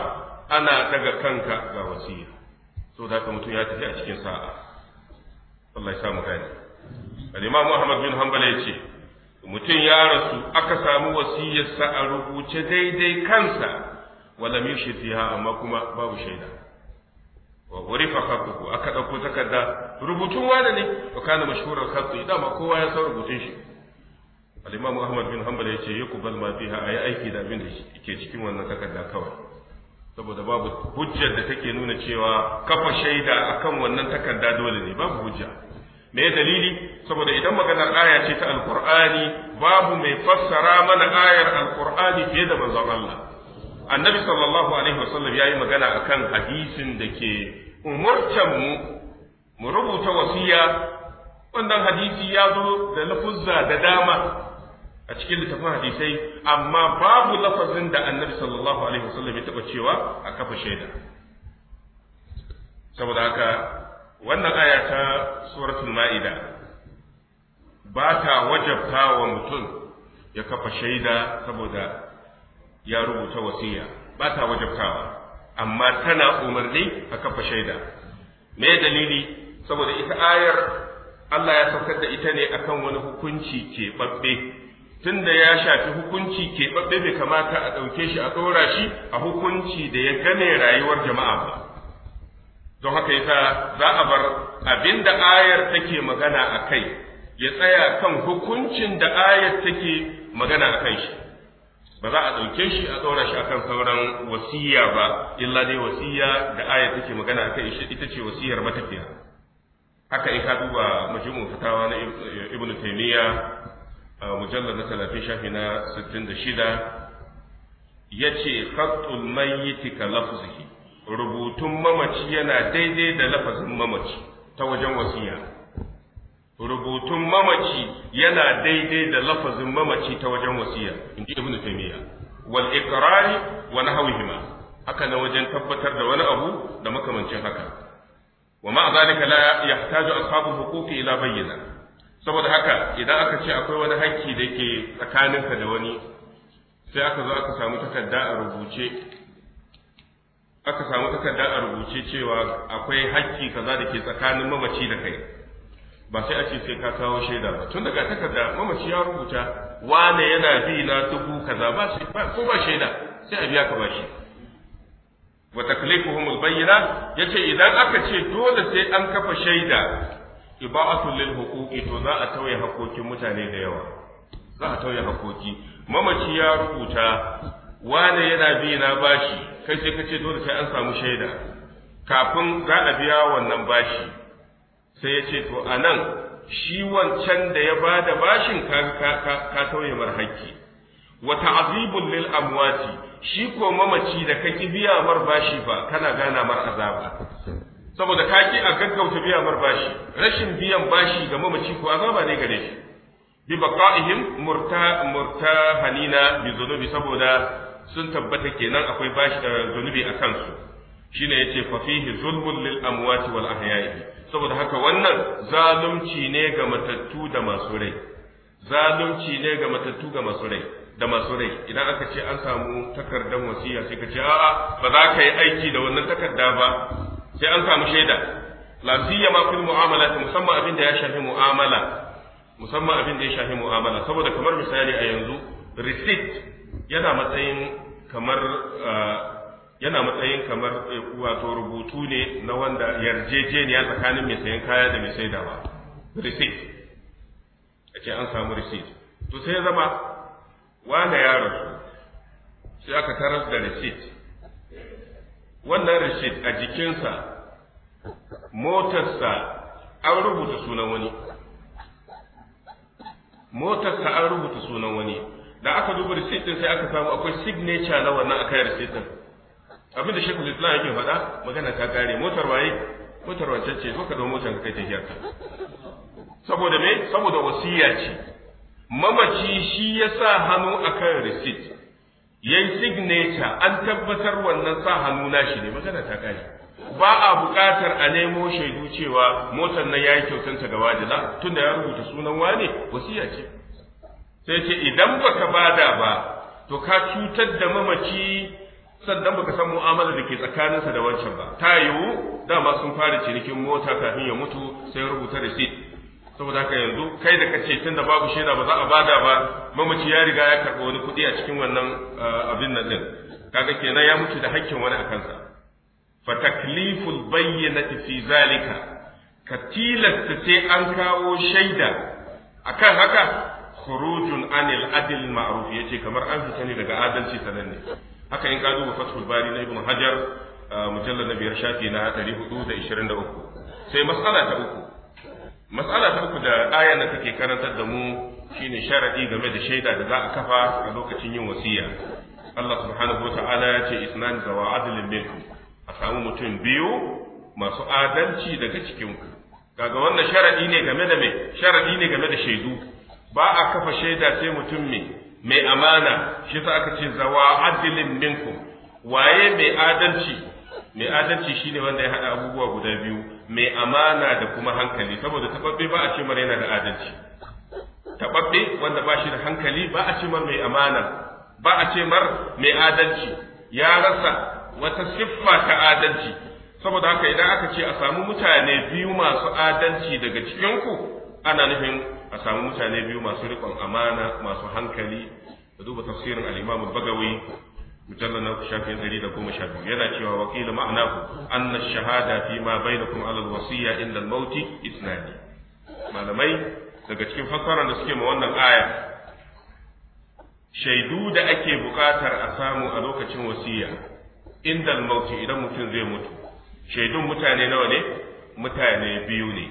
ana daga kanka ga wasiya saboda haka mutum ya tafi a cikin sa'a Allah ya samu gani al-Imam Ahmad bin Hanbal ya ce mutum ya rasu aka samu wasiyarsa a rubuce daidai kansa walam shi fiha amma kuma babu shaida wa wurifa khatuhu aka dauko takarda rubutun wani ne to kana mashhurar khatu ma kowa ya san rubutun shi al-imam ahmad bin hanbal yace yakubal ma fiha ayi aiki da abin da yake cikin wannan takarda kawai saboda babu hujjar da take nuna cewa kafa shaida akan wannan takarda dole ne babu hujja me dalili saboda idan maganar aya ce ta alqur'ani babu mai fassara mana ayar alqur'ani fiye da manzon Allah annabi sallallahu alaihi wasallam yayi magana akan hadisin da ke umurtan mu mu rubuta wasiya wannan hadisi ya zo da lafuzza da dama a cikin littafin hadisai amma babu lafazin da annabi sallallahu alaihi wasallam ya taba cewa a kafa shaida saboda haka wannan aya ta suratul ma'ida ba ta wajabta wa mutum ya kafa shaida saboda ya rubuta wasiya ba ta wajabtawa amma tana umarni a kafa shaida me dalili saboda ita ayar Allah ya saukar da ita ne akan wani hukunci keɓaɓɓe tunda ya shafi hukunci keɓaɓɓe bai kamata a ɗauke shi a ɗora shi a hukunci da ya gane rayuwar jama'a ba don haka yasa za a bar abin da ayar take magana a kai ya tsaya kan hukuncin da ayar take magana a kai shi ba za a ɗauke shi a ɗora shi akan sauran wasiya ba illa dai wasiya da ayar take magana a kai ita ce wasiyar matafiya haka in ka duba majmu fatawa na ibn taymiya mujallad na shafi na 66 yace qattul mayyit lafzihi rubutun mamaci yana daidai da lafazin mamaci ta wajen wasiya rubutun mamaci yana daidai da lafazin mamaci ta wajen wasiya inji ibnu taymiya wal iqrar wa nahwihima haka na wajen tabbatar da wani abu da makamancin haka wa ma zalika la yahtaju ashabul huquqi ila bayyana saboda haka idan aka ce akwai wani hakki da yake tsakaninka da wani sai aka zo aka samu takarda a rubuce aka samu takarda a rubuce cewa akwai hakki kaza da ke tsakanin mamaci da kai ba sai a ce sai ka kawo shaida ba tun daga takarda mamaci ya rubuta wane yana bi na dubu kaza ba ko ba shaida sai a biya ka bashi wa taklifuhum albayna yace idan aka ce dole sai an kafa shaida iba'atu lil huquqi to za a tauye hakokin mutane da yawa za a tauye hakoki mamaci ya rubuta wane yana bi na bashi kai sai ka ce dole sai an samu shaida kafin za a biya wannan bashi sai ya ce to a nan shi wancan da ya ba da bashin ka tauye mar haƙƙi wa lil amwati shi ko mamaci da kaki biya mar bashi ba kana gana mar azaba saboda ka kaki a gaggauta biya mar bashi rashin biyan bashi ga mamaci ko azaba ne gare shi bi baqa'ihim murta murtahanina bi zunubi saboda sun tabbata kenan akwai bashi da eh, zunubi a kansu shine yace fa fihi zulmun lil amwati wal ahya'i saboda haka wannan zalunci ne ga matattu da masu rai zalunci ne ga matattu ga masu rai da masu rai idan aka ce an samu takardar wasiya sai ka ce a'a ba za ka yi aiki da wannan takarda ba sai an samu shaida lafiya ma fil mu'amala musamman abin da ya shafi mu'amala musamman abin da ya shafi mu'amala saboda kamar misali a yanzu receipt yana matsayin kamar uh, yana matsayin kamar eh, wato rubutu ne na wanda yarjejeniya tsakanin mai sayan kaya da mai saidawa receipt a ce an samu receipt to sai zama wane ya rasu sai aka taras da receipt wannan receipt a jikinsa motarsa an rubuta sunan wani motarsa an rubuta sunan wani da aka duba receipt din sai aka samu akwai signature na wannan akan receipt din abinda shi kuma islam yake faɗa magana ta kare motar waye motar wacce ce zo ka dawo motar ka kai tafiyar ka saboda me saboda wasiya ce mamaci shi ya sa hannu akan receipt yayin signature an tabbatar wannan sa hannu nashi ne magana ta kare ba a buƙatar a nemo shaidu cewa motar na ya yi kyautanta ga wajila tunda ya rubuta sunan wane wasiya ce sai ce idan baka bada ba to ka cutar da mamaci sannan baka san mu'amala da ke tsakaninsa da wancan ba ta yiwu dama sun fara cinikin mota kafin ya mutu sai rubuta da shi saboda haka yanzu kai da ka kace tunda babu shaida ba za a bada ba mamaci ya riga ya karɓi wani kuɗi a cikin wannan eh, abin nan din kaga kenan ya mutu da hakkin wani a kansa fa takliful bayyinati fi zalika ka tilasta sai an kawo shaida akan haka khurujun anil adil ma'ruf yace kamar an fita ne daga adalci sananne haka in ka duba fathul bari na ibn hajar mujallal na biyar shafi na 423 sai mas'ala ta uku mas'ala ta uku da ayan da take karantar da mu shine sharadi game da shaida da za a kafa a lokacin yin wasiya Allah subhanahu wata'ala ya ce isnan zawa adlin minkum a samu mutum biyu masu adalci daga cikin ku kaga wannan sharadi ne game da me sharadi ne game da shaidu ba a kafa shaida sai mutum me mai amana shi sa aka ce zawa adilin minkum waye mai adalci mai adalci shine wanda ya hada abubuwa guda biyu mai amana da kuma hankali saboda tababbe ba a ce mara yana da adalci tababbe wanda ba shi da hankali ba a ce mar mai amana ba a ce mar mai adalci ya rasa wata siffa ta adalci saboda haka idan aka ce a samu mutane biyu masu adalci daga cikinku ana nufin a samu mutane biyu masu riƙon amana masu hankali da duba tafsirin al-Imam bagawi mujallal na shafin shafi yana cewa waqila ma'anahu anna ash-shahada fi ma bainakum ala al-wasiyya inda al-maut isnani malamai daga cikin fassarar da suke ma wannan aya shaidu da ake buƙatar a samu a lokacin wasiya inda al idan mutum zai mutu shaidun mutane nawa ne mutane biyu ne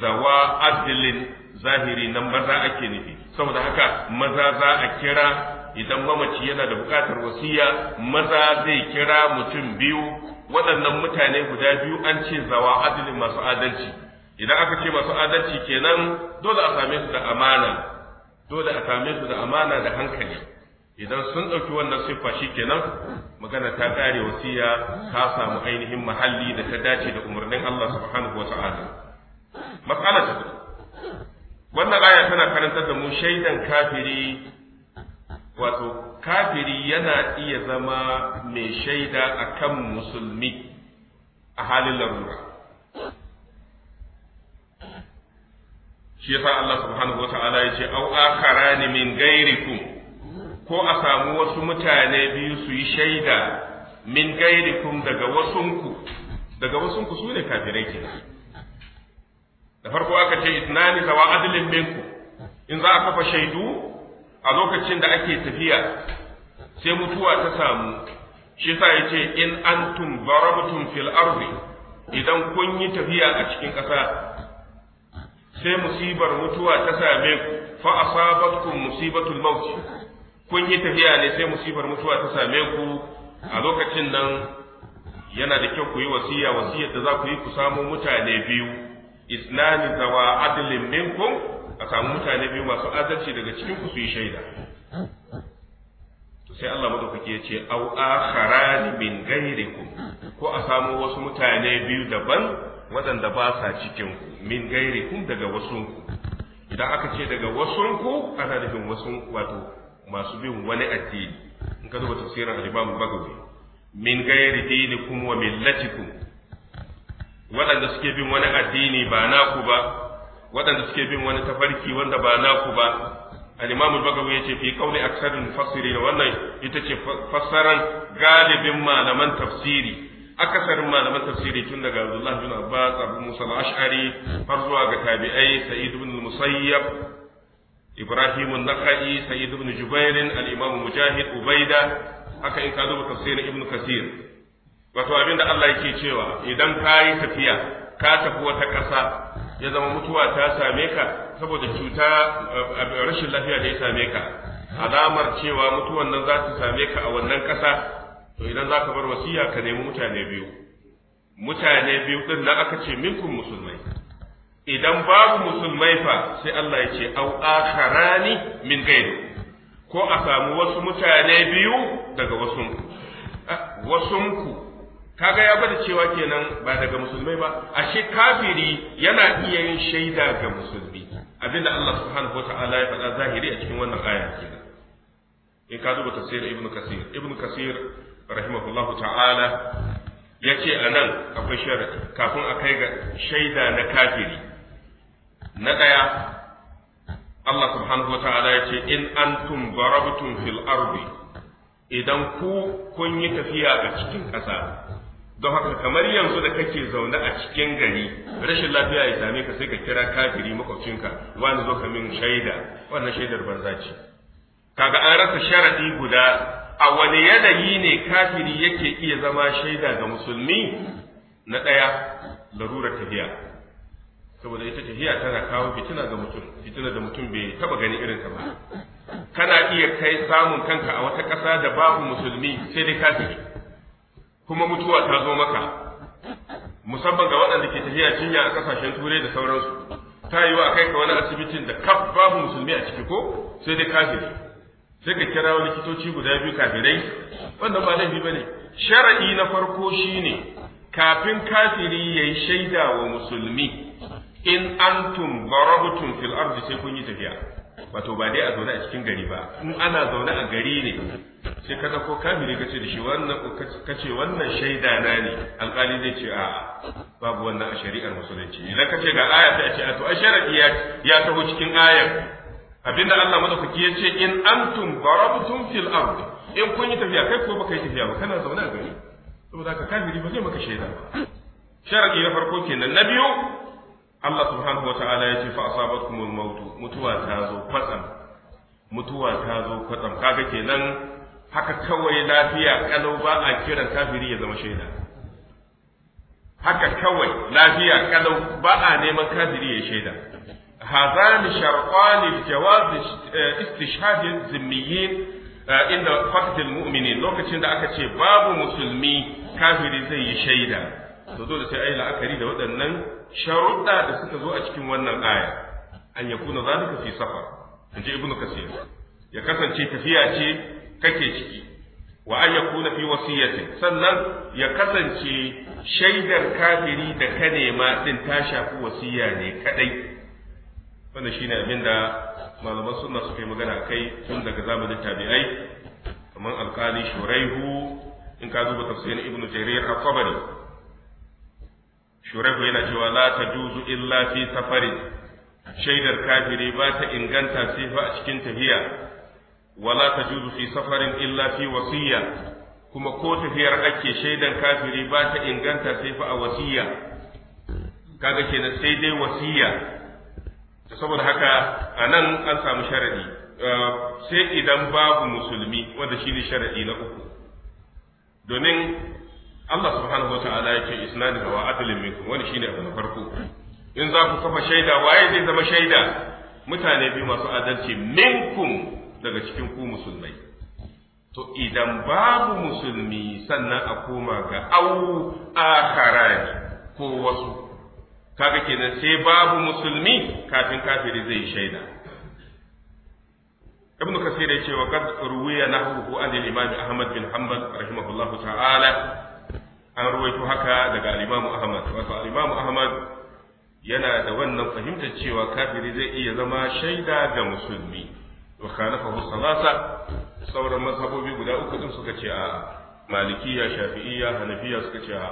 zawa adlin zahiri nan maza ake nufi saboda haka maza za a kira idan mamaci yana da bukatar wasiya maza zai kira mutum biyu waɗannan mutane guda biyu an ce zawa adalin masu adalci idan aka ce masu adalci kenan dole a same su da amana dole a same su da amana da hankali idan sun ɗauki wannan siffa shi kenan magana ta ƙare wasiya ta samu ainihin mahalli da ta dace da umarnin Allah subhanahu wa ta'ala matsala ta wannan aya tana karantar da mu shaidan kafiri wato kafiri yana iya zama mai shaida akan musulmi a halin larura shi yasa Allah subhanahu wata'ala ya ce au akharani min gairikum ko a samu wasu mutane biyu su yi shaida min gairikum daga wasunku daga wasunku su ne kafirai kenan da farko aka ce itnani zawa adlin minku in za a kafa shaidu a lokacin da ake tafiya sai mutuwa ta samu shi sa ya ce in antum darabtum fil ardi idan kun yi tafiya a cikin ƙasa sai musibar mutuwa ta same ku fa asabatkum musibatul maut kun yi tafiya ne sai musibar mutuwa ta same ku a lokacin nan yana da kyau ku yi wasiya wasiyar da za ku yi ku samu mutane biyu islami zawa adalin minkum a samu mutane biyu masu adalci daga cikin ku su yi shaida to sai Allah madaukaki ya ce au akharani min ghairikum ko a samu wasu mutane biyu daban waɗanda ba sa cikin ku min ghairikum daga wasunku idan aka ce daga wasunku ana nufin wasu wato masu bin wani addini in ka duba tafsirin al-Imam Bagawi min ghairi dinikum wa millatikum waɗanda suke bin wani addini ba naku ba waɗanda suke bin wani tafarki wanda ba naku ba al-imam al-bagawi yace fi qawli aksarul mufassirin wannan ita ce fassaran galibin malaman tafsiri akasarin malaman tafsiri tun daga Abdullah bin Abbas Abu Musa al-Ash'ari har zuwa ga tabi'ai Sa'id ibn al-Musayyab Ibrahim an-Nakhai Sa'id ibn Jubair al-Imam Mujahid Ubaida haka in ka duba tafsirin Ibn Kathir wato abin da Allah yake cewa idan ka yi tafiya ka tafi wata ƙasa ya zama mutuwa ta same ka saboda cuta eh, rashin lafiya da ya same ka alamar cewa mutuwan nan za ta same ka a wannan ƙasa to idan za ka bar wasiya ka nemi mutane biyu mutane biyu ɗin nan aka ce minkum musulmai idan babu musulmai fa sai Allah ya ce au akharani min gairu ko a samu wasu mutane biyu daga wasunku ah, wasunku kaga ya bada cewa kenan ba daga musulmai ba ashe kafiri yana iya yin shaida ga musulmi abinda Allah subhanahu wataala ya faɗa zahiri a cikin wannan aya kenan in ka duba tafsir ibn kasir ibn kasir rahimahullahu ta'ala yace anan akwai sharadi kafin a kai ga shaida na kafiri na daya Allah subhanahu wataala yace in antum darabtum fil ardi idan ku kun yi tafiya a cikin ƙasa don haka kamar yanzu da kake zaune a cikin gari rashin lafiya ya same ka sai ka kira kafiri makwabcinka wani zo kamin min shaida wannan shaidar banza ce kaga an rasa sharadi guda a wani yanayi ne kafiri yake iya zama shaida ga musulmi na ɗaya larurar tafiya saboda ita tafiya tana kawo fitina ga mutum fitina da mutum bai taba gani irin ta ba kana iya kai samun kanka a wata ƙasa da babu musulmi sai dai kafiri kuma mutuwa ta zo maka musamman ga waɗanda ke tafiya jinya a ƙasashen turai da sauransu ta yi wa kai ka wani asibitin da kaf babu musulmi a ciki ko sai dai kafiri sai ka kira wani likitoci guda biyu kafirai wannan ba laifi bane shara'i na farko shi ne kafin kafiri ya yi shaida wa musulmi in antum tun fil ardi sai kun yi tafiya wato ba dai a zaune a cikin gari ba in ana zaune a gari ne sai ka ko kafiri ka ce da shi wannan ka ce wannan shaida na ne alƙali zai ce a babu wannan a shari'ar musulunci idan ka ce ga aya sai a ce a to a sharadi ya ya taho cikin ayar abinda Allah madaukaki ya ce in antum darabtum fil ard in kun yi tafiya kai ko baka yi tafiya ba kana zaune a gari saboda ka kafiri ba zai maka shaida ba sharadi na farko kenan na biyu Allah subhanahu wa ta'ala ya ce fa asabatkum al mautu. mutuwa ta zo kwatsam mutuwa ta zo kwatsam kaga kenan haka kawai lafiya kalau ba a kiran kafiri ya zama shaida haka kawai lafiya kalau ba a neman kafiri ya shaida هذان شرطان لجواز استشهاد الذميين عند فقد المؤمنين lokacin da aka ce babu musulmi kafiri zai yi shaida to dole sai ai la'akari da waɗannan sharuɗa da suka zo a cikin wannan aya an ya kuna ka fi safa? in ji ibnu kasir ya kasance tafiya ce kake ciki wa an ya kuna fi wasiyyati sannan ya kasance shaidar kafiri da ka nema din ta shafi wasiya ne kadai wannan shine abin da malaman sunna suka yi magana kai tun daga zamanin tabi'ai kamar alkali shuraihu in ka zuba tafsirin ibnu jarir al-qabari shurahu yana cewa la juzu illa fi safarin shaidar kafiri ba ta inganta sai a cikin tafiya wala juzu fi safarin illa fi wasiya kuma ko tafiyar ake shaidan kafiri ba ta inganta sai fa a wasiya kaga kenan sai dai wasiya saboda haka anan an samu sharadi eh, sai idan babu musulmi wanda shine sharadi na uku domin Allah subhanahu wa ta'ala yake isnani wa adlin minkum wani shine abu na farko in za ku kafa shaida waye zai zama shaida mutane biyu masu adalci minkum daga cikin ku musulmai to idan babu musulmi sannan a koma ga au akharani ko wasu kaga kenan sai babu musulmi kafin kafiri zai shaida ibn kasir ya ce روي نحوه عن nahwu an بن حنبل ahmad bin تعالى rahimahullahu ta'ala an ruwaito haka daga alimamu ahmad wato alimamu ahmad yana da wannan fahimtar cewa kafiri zai iya zama shaida ga musulmi wa khalafahu salasa sauran mazhabobi guda uku din suka ce a malikiya shafi'iyya hanafiya suka ce a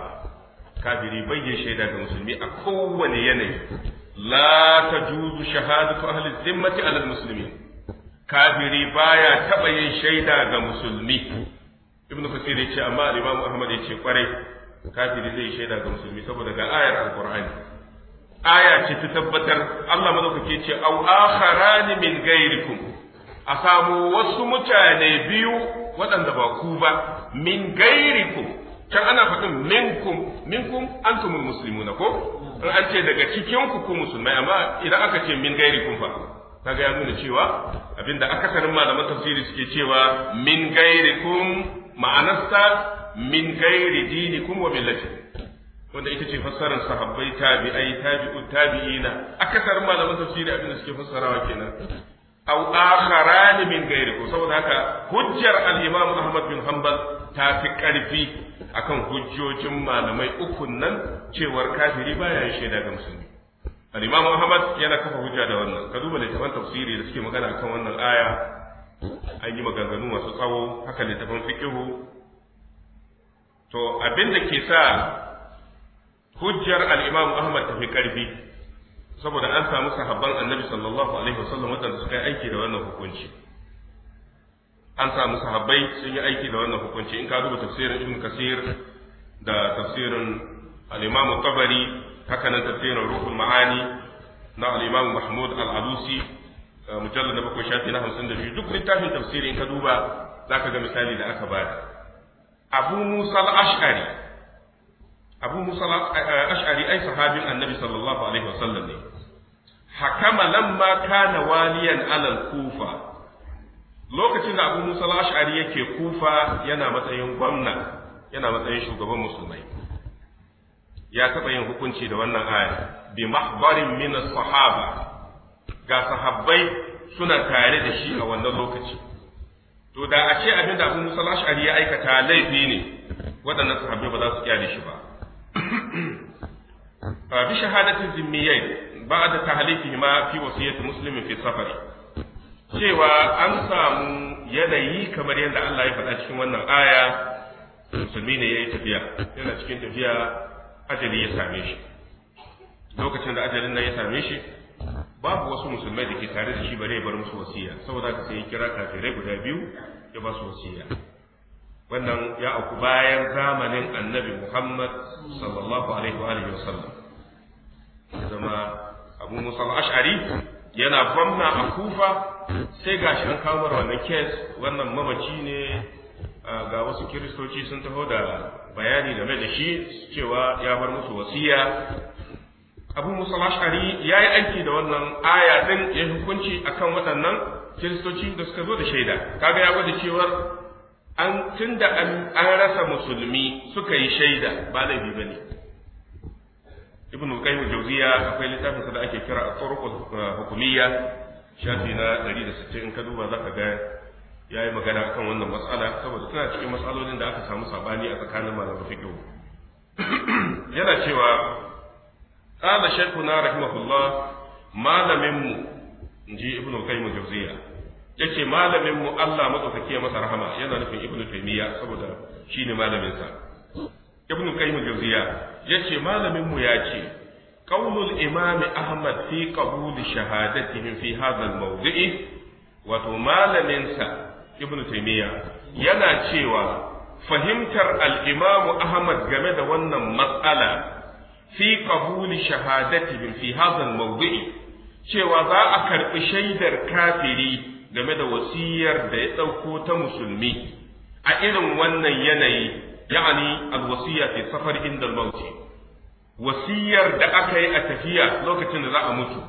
kafiri bai yi shaida ga musulmi a kowane yanayi la tajuzu shahadatu ahli zimmati ala muslimin kafiri baya taba yin shaida ga musulmi ibnu kasir ya ce amma Alimamu imam ahmad ya ce kwarai kafiri zai shaida ga musulmi saboda ga ayar alqur'ani aya ce ta tabbatar Allah madaukake ce au akharani min ghairikum a samu wasu mutane biyu waɗanda ba ku ba min ghairikum can ana faɗin minkum minkum antum muslimuna ko in an ce daga cikin ku ku musulmai amma idan aka ce min ghairikum fa kaga ya nuna cewa abinda akasarin malaman tafsiri suke cewa min kun ma'anarsa min gairi dini kun wa millati wanda ita ce fassarar sahabbai tabi'ai tabi'u tabi'ina akasar malaman tafsiri abin da suke fassarawa kenan aw akharani min gairi ko saboda haka hujjar al-imam Ahmad bin Hanbal ta fi karfi akan hujjojin malamai ukun nan cewar kafiri baya yin shaida ga musulmi al-imam Ahmad yana kafa hujja da wannan ka duba littafin tafsiri da suke magana akan wannan aya an yi maganganu masu tsawo haka littafin fiqhu to abin da ke sa hujjar al'imam Ahmad ta fi karfi saboda an samu sahabban Annabi sallallahu alaihi wasallam wadanda suka yi aiki da wannan hukunci an samu sahabbai sun yi aiki da wannan hukunci in ka duba tafsirin Ibn Kasir da tafsirin al-Imam Tabari haka nan tafsirin Ruhul Ma'ani na al Mahmud al-Alusi eh, mujallad na bakwai shafi na hamsin da biyu duk littafin tafsiri in ka duba za ka ga misali da aka bada abu musa al-ash'ari abu musa al-ash'ari ai sahabin annabi sallallahu alaihi wasallam ne hakama lamma kana waliyan kufa lokacin da abu musa al yake kufa yana matsayin gwamna yana matsayin shugaban musulmai ya taɓa yin hukunci da wannan aya bi mahbarin min sahaba ga sahabbai suna tare da shi a wannan lokaci to da a ce abin da Abu Musa al ya aikata laifi ne waɗannan sahabbai ba za su kyale shi ba fa bi shahadatin da ba'da ma fi wasiyyati muslimin fi safar cewa an samu yanayi kamar yadda Allah ya faɗa cikin wannan aya musulmi ne yi tafiya yana cikin tafiya ajali ya same shi lokacin da ajalin nan ya same shi babu wasu musulmai da ke tare da shi ba ne bar musu wasiya saboda haka sai kira kafirai guda biyu ya ba su wasiya wannan ya auku bayan zamanin annabi Muhammad sallallahu alaihi wa alihi wasallam zama Abu Musa al-Ash'ari yana gwamna a Kufa sai gashi an kawo mara wannan case wannan mamaci ne ga wasu kiristoci sun taho da bayani game da shi cewa ya bar musu wasiya abu musa ashari ya yi aiki da wannan aya ɗin ya hukunci akan waɗannan kiristoci da suka zo da shaida kaga ya gwada cewar an tun da an rasa musulmi suka yi shaida ba laifi ba ne ibn qayyim jawziya akwai littafin da ake kira at-turuq hukumiyya shafi na 160 in ka duba zaka ga ya yi magana akan wannan matsala saboda tana cikin matsalolin da aka samu sabani a tsakanin malamai fiqh yana cewa qala shaykhuna rahimahullah malamin mu inji ibnu qayyim jawziya yace malamin mu Allah madaukaki ya masa rahama yana nufin ibnu taymiya saboda shine malamin sa ibnu qayyim jawziya yace malamin mu yace qaulul imam ahmad fi qabul shahadatihim fi hadha al-mawdi'i wato malamin sa ibnu taymiya yana cewa fahimtar al ahmad game da wannan matsala fi qabuli shahadatihim fi hadha al-mawdi'i cewa za a karbi shaidar kafiri game da wasiyar da ya dauko ta musulmi a irin wannan yanayi ya'ani al-wasiyya fi safar inda al-maut wasiyar da aka yi a tafiya lokacin da za a mutu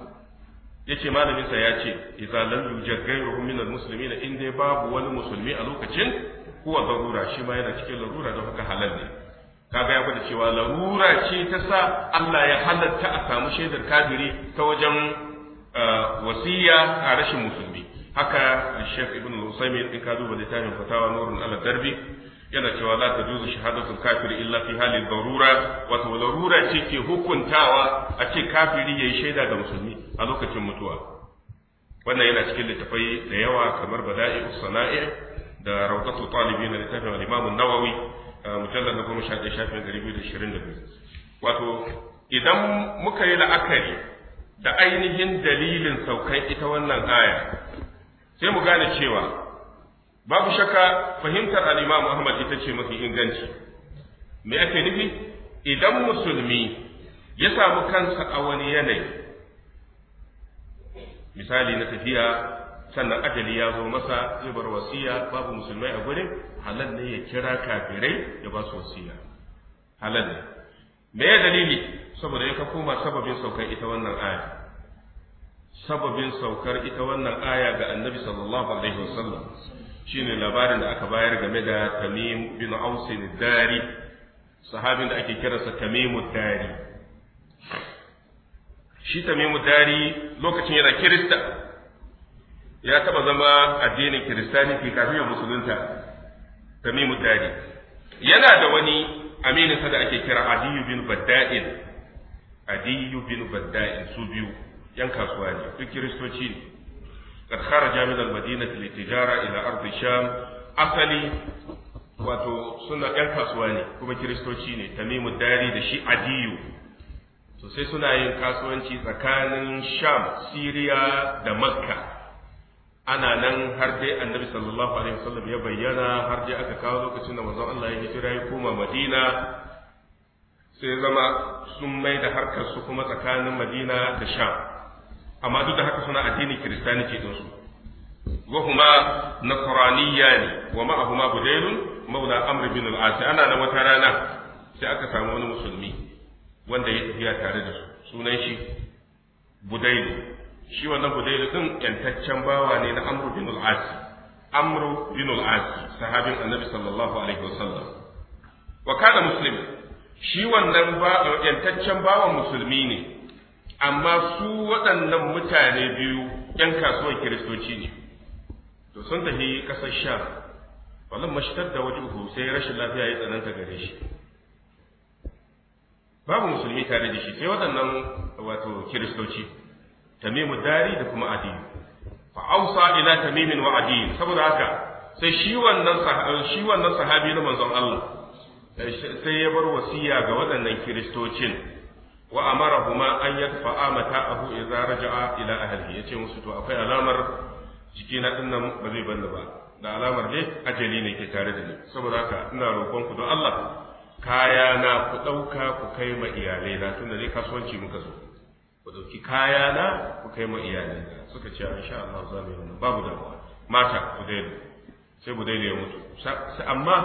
yace malamin sa ya ce idza lam yujad ghayruhum min al-muslimina in dai babu wani musulmi a lokacin huwa darura shi ma yana cikin larura da haka halal ne Ka ga ya gwada cewa larura ce ta sa Allah ya halatta a samu shaidar kafiri ta wajen uh, wasiya a rashin musulmi haka shek Ibn Usaymin in ka duba littafin fatawa nurun ala darbi yana cewa za ta juzu shahadatul kafiri illa fi halin darura wato larura ce ke hukuntawa a ce kafiri yayi shaida ga musulmi a lokacin mutuwa wannan yana cikin littafai da yawa kamar bada'i sana'i da rawdatu talibin littafin al-Imam an-Nawawi mujallar na goma sha ɗaya shafin ɗari biyu da shirin da biyu wato idan muka yi la'akari da ainihin dalilin saukan ita wannan aya sai mu gane cewa babu shakka fahimtar al'imam muhammad ita ce mafi inganci me ake nufi idan musulmi ya samu kansa a wani yanayi misali na tafiya sannan ajali ya zo masa zai bar wasiya babu musulmai a gurin halal ne ya kira kafirai ya ba su wasiya halal ne me ya dalili saboda ya ka koma sababin saukar ita wannan aya sababin saukar ita wannan aya ga annabi sallallahu alaihi wasallam shine labarin da aka bayar game da Tamim bin Aus dari sahabin da ake kiransa Tamim dari shi Tamim dari lokacin yana Kirista ya taba zama addinin Kiristani ke kafin musulunta tamimu dari yana da wani amininsa da ake kira adiyu bin badda'in adiyu bin badda'in su biyu yan kasuwa ne duk kiristoci ne قد خرج من المدينة للتجارة إلى أرض الشام wato suna ‘yan kasuwa ne kuma kiristoci ne tamimu dari da shi adiyu to sai suna yin kasuwanci tsakanin sham siriya da makka ana nan har dai annabi sallallahu alaihi wasallam ya bayyana har dai aka kawo lokacin da manzon Allah ya hijira ya koma Madina sai zama sun mai da harkar su kuma tsakanin Madina da Sham amma duk da haka suna addini kiristaniki din su ma huma ومعهما بديل amr bin al العاص ana nan wata rana sai aka samu wani musulmi wanda ya tafiya tare da su sunan shi budailu shi wannan budayl din yantaccen bawa ne na amru bin al-as amru bin al-as sahabin annabi sallallahu alaihi wasallam wa kana muslim shi wannan yantaccen bawa musulmi ne amma su waɗannan mutane biyu yan kasuwar kiristoci ne to sun tafi ƙasar sha wallan mashtar da wajuhu sai rashin lafiya ya tsananta gare shi babu musulmi tare da shi sai waɗannan wato kiristoci tamimu dari da kuma adi fa ausa ila tamimin wa adi saboda haka sai shi wannan shi wannan sahabi na manzon Allah eh, sai ya bar wasiya ga waɗannan kiristocin wa amarahuma an yadfa'a mata'ahu idza raja'a ila ahlihi yace musu to akwai alamar jikina dinnan ba zai banda ba da alamar dai ajali ne ke tare da ni saboda haka ina roƙon ku don Allah kaya na ku ɗauka ku kai ma iyalai na tunda dai kasuwanci muka zo ku dauki kaya na ku kai ma iyali suka ce insha Allah za mu yi wannan babu damuwa mata da, sai budailu ya mutu amma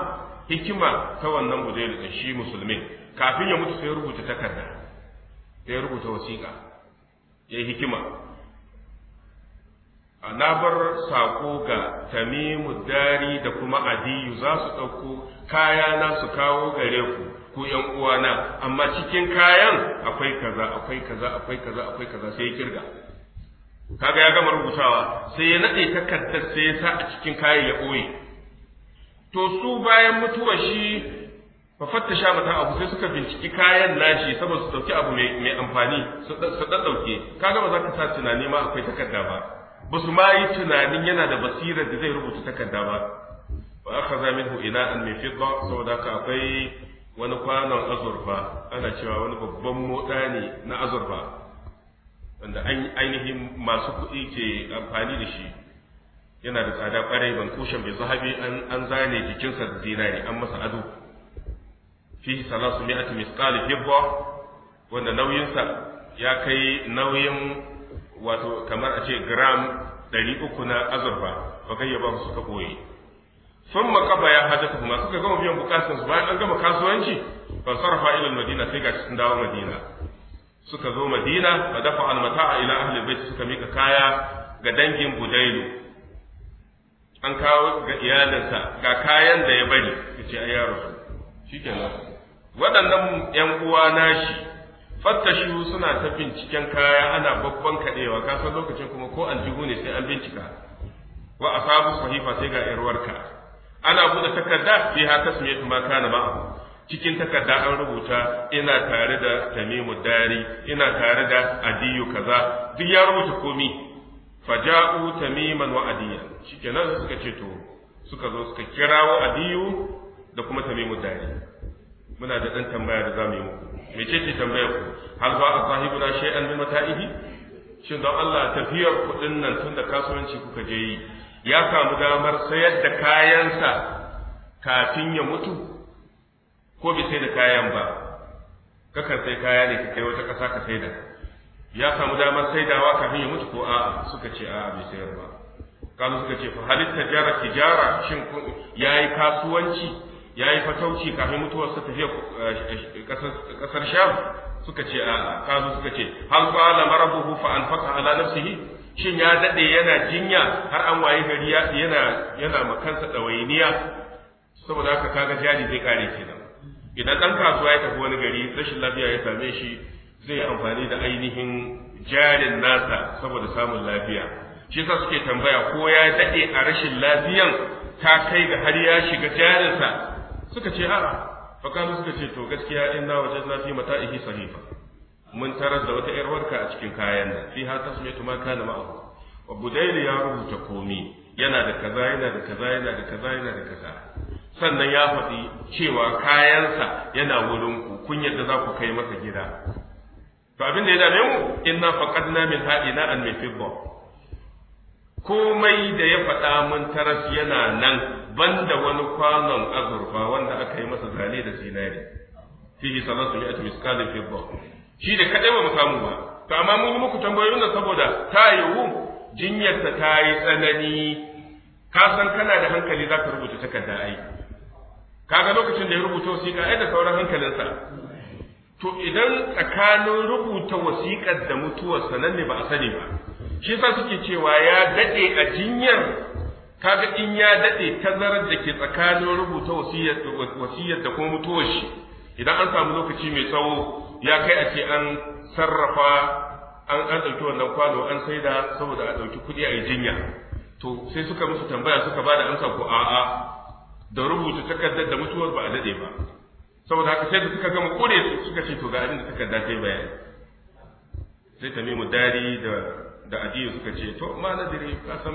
hikima ta wannan budailu da shi musulmin kafin ya mutu sai ya rubuta takarda sai ya rubuta wasiƙa ya yi hikima na bar saƙo ga tamimu dari da kuma adiyu za su ɗauko kayana su kawo gare ku ku yan uwana amma cikin kayan akwai kaza akwai kaza akwai kaza akwai kaza sai ya kirga kaga ya gama rubutawa sai ya nade takardar sai ya sa a cikin kayan ya boye to su bayan mutuwa shi fa fattasha mata abu sai suka binciki kayan nashi saboda su dauki abu mai amfani su ɗauke. kaga ba za ka sa tunani ma akwai takarda ba ba su ma yi tunanin yana da basirar da zai rubuta takarda ba ba aka zamin ina an mai fidda saboda haka akwai wani kwanon azurfa ana cewa wani babban moda ne na azurfa wanda ainihin masu kuɗi ke amfani da shi yana da tsada ƙwarai ban kushen bai zahabi an zane jikinsa da zinari an masa ado fi salasu Ati misqali fibba wanda nauyinsa ya kai nauyin wato kamar a ce gram ɗari uku na azurfa ba kai ya ba su ka ɓoye sun makaba ya hajjata kuma suka gama biyan su bayan an gama kasuwanci ba sarrafa ilal madina sai gashi sun dawo madina suka zo madina ba dafa almata'a ila ahli bait suka mika kaya ga dangin budailu an kawo ga iyalinsa ga kayan da ya bari ya ce yaro shikenan waɗannan yan uwa nashi fattashu suna ta binciken kaya ana babban kadewa Kasan lokacin kuma ko an aljihu ne sai an bincika wa asabu sahifa sai ga irwarka ana buɗe takarda fi ha tasmiyatu ma kana ma cikin takarda an rubuta ina tare da tamimu dari ina tare da adiyu kaza duk ya rubuta komi faja'u tamiman wa adiya shikenan suka ce to suka zo suka kirawo adiyu da kuma tamimu dari muna da dan tambaya da zamu yi muku Me ce tambayar ku hal ba sahibuna shay'an min mata'ihi shin don Allah tafiyar kuɗin nan tun da kasuwanci kuka je yi ya samu damar sayar da kayansa kafin ya mutu ko bai sai da kayan ba kakan sai kaya ne ka kai wata ƙasa ka sai da ya samu damar sai dawa kafin ya mutu ko a suka ce a bai sayar ba kalu suka ce fa halitta jara tijara shin yayi kasuwanci yayi fatauci kafin mutuwar sa tafiya kasar eh, sham suka ce a kazu suka ce hal qala marabuhu fa anfaqa ala nafsihi shin ya daɗe yana jinya har an waye gari yana yana makansa ɗawainiya saboda haka kaga jari zai kare kenan idan ɗan kasuwa ya tafi wani gari rashin lafiya ya same shi zai yi amfani da ainihin jarin nasa saboda samun lafiya shi yasa suke tambaya ko ya daɗe a rashin lafiyan ta kai ga har ya shiga jarinsa suka ce a'a fakalu suka ce to gaskiya inna lafiya mata ihi sahifa mun tarar da wata ‘yar warka a cikin kayan nan fi ha tasmiyatu ma kana abu wa budaili ya rubuta komi yana da kaza yana da kaza yana da kaza yana da kaza sannan ya faɗi cewa kayansa yana wurin ku kun yadda za ku kai masa gida to abin da ya dame mu inna faqadna min na an min fidda komai da ya faɗa mun taras yana nan banda wani kwanon azurfa wanda aka yi masa zane da zinari fihi salatu mi'at miskalin fidda shi da kaɗai ba mu samu ba to amma mun yi muku tambayoyin nan saboda ta yiwu jinyarsa ta yi tsanani ka san kana da hankali za ka rubuta takarda ai kaga lokacin da ya rubuta wasiƙa ai da sauran hankalinsa to idan tsakanin rubuta wasiƙar da mutuwar sanan ne ba a sani ba shi sa suke cewa ya daɗe a jinyar kaga in ya daɗe tazarar da ke tsakanin rubuta wasiyar da kuma mutuwar shi idan an samu lokaci mai tsawo ya kai a ce an sarrafa an an ɗauki wannan kwano an saida saboda a ɗauki kuɗi a yi jinya to sai suka musu tambaya suka ba da amsa ko a'a da rubuta takardar da mutuwar ba a daɗe ba saboda haka sai da suka gama kore su suka ce to ga abin da takarda ta bayani sai tamimu dari da da adiyu suka ce to ma na dire ka san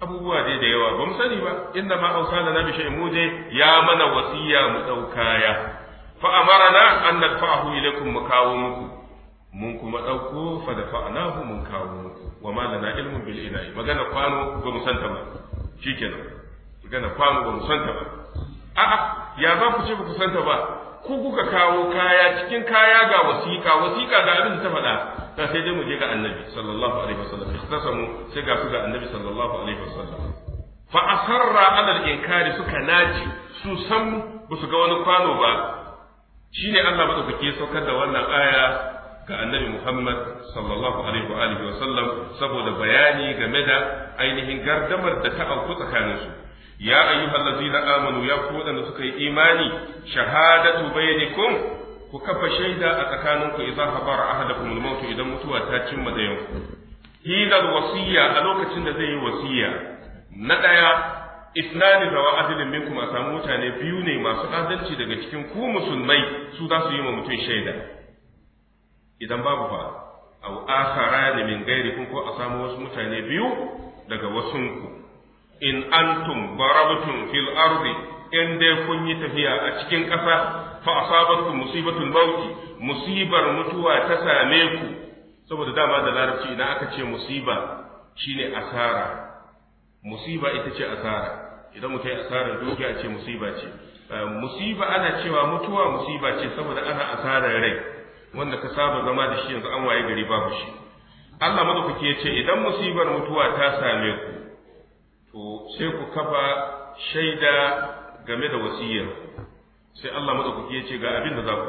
abubuwa dai da yawa ba mu sani ba inda ma ausala na bishe mu je ya mana wasiya mu ɗau kaya fa amarna an nadfa'ahu ilaykum mu kawo muku mun kuma ɗauko fa dafa'nahu mun kawo muku wa ma lana ilmun bil ilahi magana kwano ba mu santa ba shikenan magana kwano ba mu santa ba a'a ya za ku ce ba ku santa ba ku kuka kawo kaya cikin kaya ga wasiƙa wasiƙa ga abin da ta faɗa ta sai dai mu je ga annabi sallallahu alaihi wasallam mu, sai ga su ga annabi sallallahu alaihi wasallam fa asarra ala al-inkari suka naji su san ba su ga wani kwano ba shine Allah madaukake ya saukar da wannan aya ga annabi Muhammad sallallahu alaihi wa alihi wa sallam saboda bayani game da ainihin gardamar da ta auku tsakaninsu ya ayyuhallazina amanu ya ku da suka yi imani shahadatu bainakum ku kafa shaida a tsakaninku idan habara ahadakum al-maut idan mutuwa ta cimma da yanku hilal wasiya a lokacin da zai yi wasiya na daya isnani rawa adilin minkum a samu mutane biyu ne masu adalci daga cikin ku musulmai su za su yi ma mutum shaida idan babu fa aw ne min ghairikum ko a samu wasu mutane biyu daga wasunku in antum barabtum fil ardi in dai kun yi tafiya a cikin ƙasa fa asabatkum musibatul mauti musibar mutuwa ta same ku saboda dama da larabci idan aka ce musiba shine asara musiba ita ce asara idan mutum ya asarar dukiya ce musiba ce eh, musiba ana cewa mutuwa musiba ce saboda ana asarar rai wanda ka saba zama da shi yanzu an waye gari babu shi Allah madaukaki ya ce idan musibar mutuwa ta same ku to sai ku kafa shaida game da wasiyar sai Allah madaukaki ya ce ga abin da za ku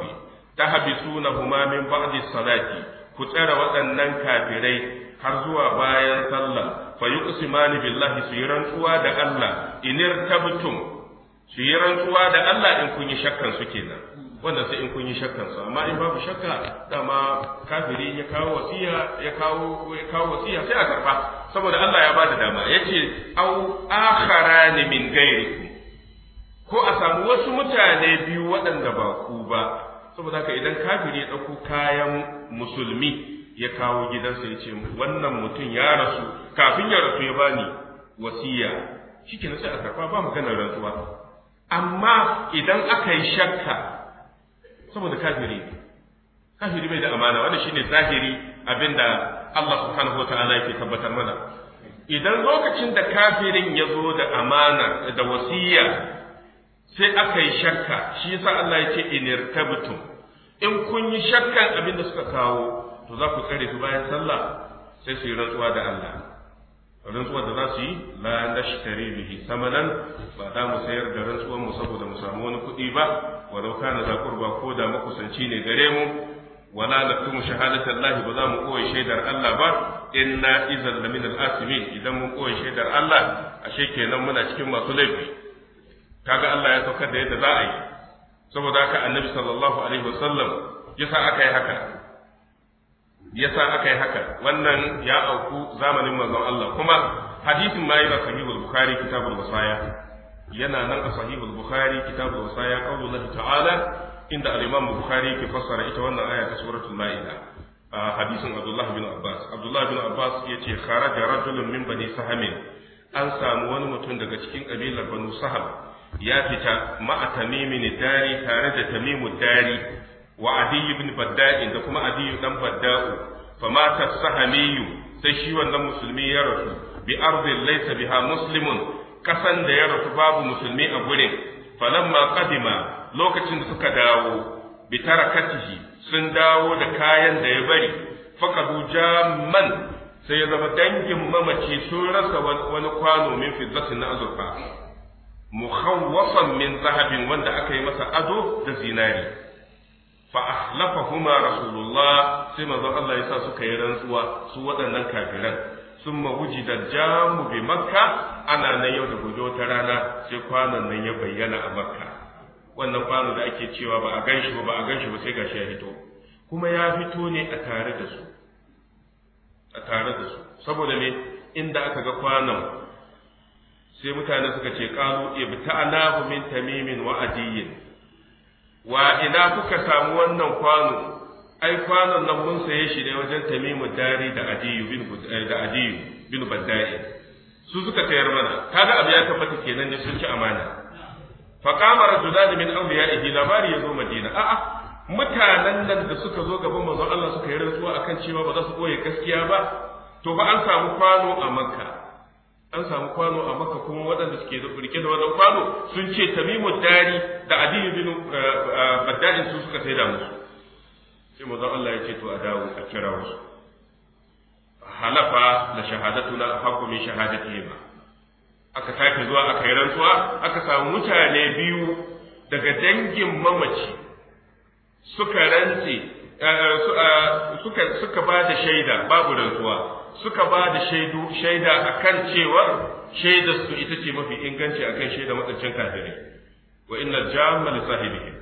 yi suna min ba'di salati ku tsara waɗannan kafirai har zuwa bayan sallah fa yuqsimani billahi su yi rantsuwa da Allah inir tabtum su yi rantsuwa da Allah in kun yi shakkan su kenan wannan sai in kun yi shakkan su amma in babu shakka dama kafiri ya kawo wasiya ya kawo ya kawo wasiya sai a karba saboda Allah ya bada dama yace au akharani min ghairikum ko a samu wasu mutane biyu waɗanda ba ku ba saboda haka idan kafiri ya ɗauko kayan musulmi ya kawo gidansa ya ce wannan mutum ya rasu kafin ya rasu ya bani wasiya ke sai a karfa ba maganar rantsuwa amma idan aka yi shakka saboda kafiri kafiri bai da amana wanda shine zahiri abinda Allah subhanahu wataala yake tabbatar mana idan lokacin da kafirin ya zo da amana da wasiya sai aka yi shakka shi yasa Allah ya ce in irtabtum in kun yi shakkan abin da suka kawo to za ku tsare su bayan sallah sai su yi rantsuwa da Allah Rantsuwa da za su yi la nashtari bihi samalan ba za mu sayar da rantsuwar mu saboda mu samu wani kuɗi ba walau kana za qurba ko da makusanci ne gare mu wala naktumu shahadatan lahi ba za mu koyi shaidar Allah ba inna idan lamin al idan mun koyi shaidar Allah ashe kenan muna cikin masu laifi kaga Allah ya saukar da yadda za a yi saboda haka annabi sallallahu alaihi wasallam yasa aka yi haka yasa aka yi haka wannan ya auku zamanin manzon Allah kuma hadisin ma yana sahihul bukhari kitabul wasaya yana nan a sahihul bukhari kitabul wasaya qaulullahi ta'ala inda al-imam bukhari ke fassara ita wannan aya ta suratul maida hadisin Abdullah bin Abbas Abdullah bin Abbas yace kharaja rajulun min bani sahamin an samu wani mutum daga cikin kabilar banu sahab ya fita ma'a tamimin dari tare da tamimu dari wa adiyu bin badda'in da kuma adiyu ɗan badda'u fama tasahamiyu sai shi wannan musulmi ya rasu bi ardin laysa biha muslimun kasan da ya rasu babu musulmi a gurin falamma qadima lokacin da suka dawo bi sun dawo da kayan da ya bari fakadu jamman sai ya zama dangin mamaci sun rasa wani kwano min fiddatin na azurfa muhawwasan min zahabin wanda aka yi masa ado da zinari fa ahlafa huma rasulullah sai manzon Allah ya sa suka yi rantsuwa su waɗannan kafiran summa da jamu bi makka ana nan yau da gobe wata rana sai kwanan nan ya bayyana a makka wannan kwano da ake cewa ba a ganshi ba ba a ganshi ba sai gashi ya fito kuma ya fito ne a tare da su a tare da su saboda me inda aka ga kwanan sai mutane suka ce qalu ibta'ana min tamimin wa adiyin wa ina kuka samu wannan kwano ai kwanon nan mun saye shi ne wajen tamimu dari da adiyu bin eh, da adiyu bin badai su suka tayar mana kaga abu ya tabbata kenan ne sun ci amana fa qama rajulan min awliyaihi labari yazo madina a'a mutanen nan da suka zo gaban manzon Allah suka yi rantsuwa akan cewa ba za su koye gaskiya ba to ba an samu kwano a makka an samu kwano a maka kuma waɗanda suke rike da wannan kwano sun ce tamimu dari da adiyu bin eh, eh, badda'in su suka sai da musu sai zan Allah ya ce to a dawo a kira wasu halafa da shahadatuna haqqu min ba. aka tafi zuwa aka yi rantsuwa aka samu mutane biyu daga dangin mamaci suka rantse suka ba da shaida babu rantsuwa suka ba da shaida akan cewar shaida su ita ce mafi inganci akan shaida matsancin kafirai wa inna jamma sahibihim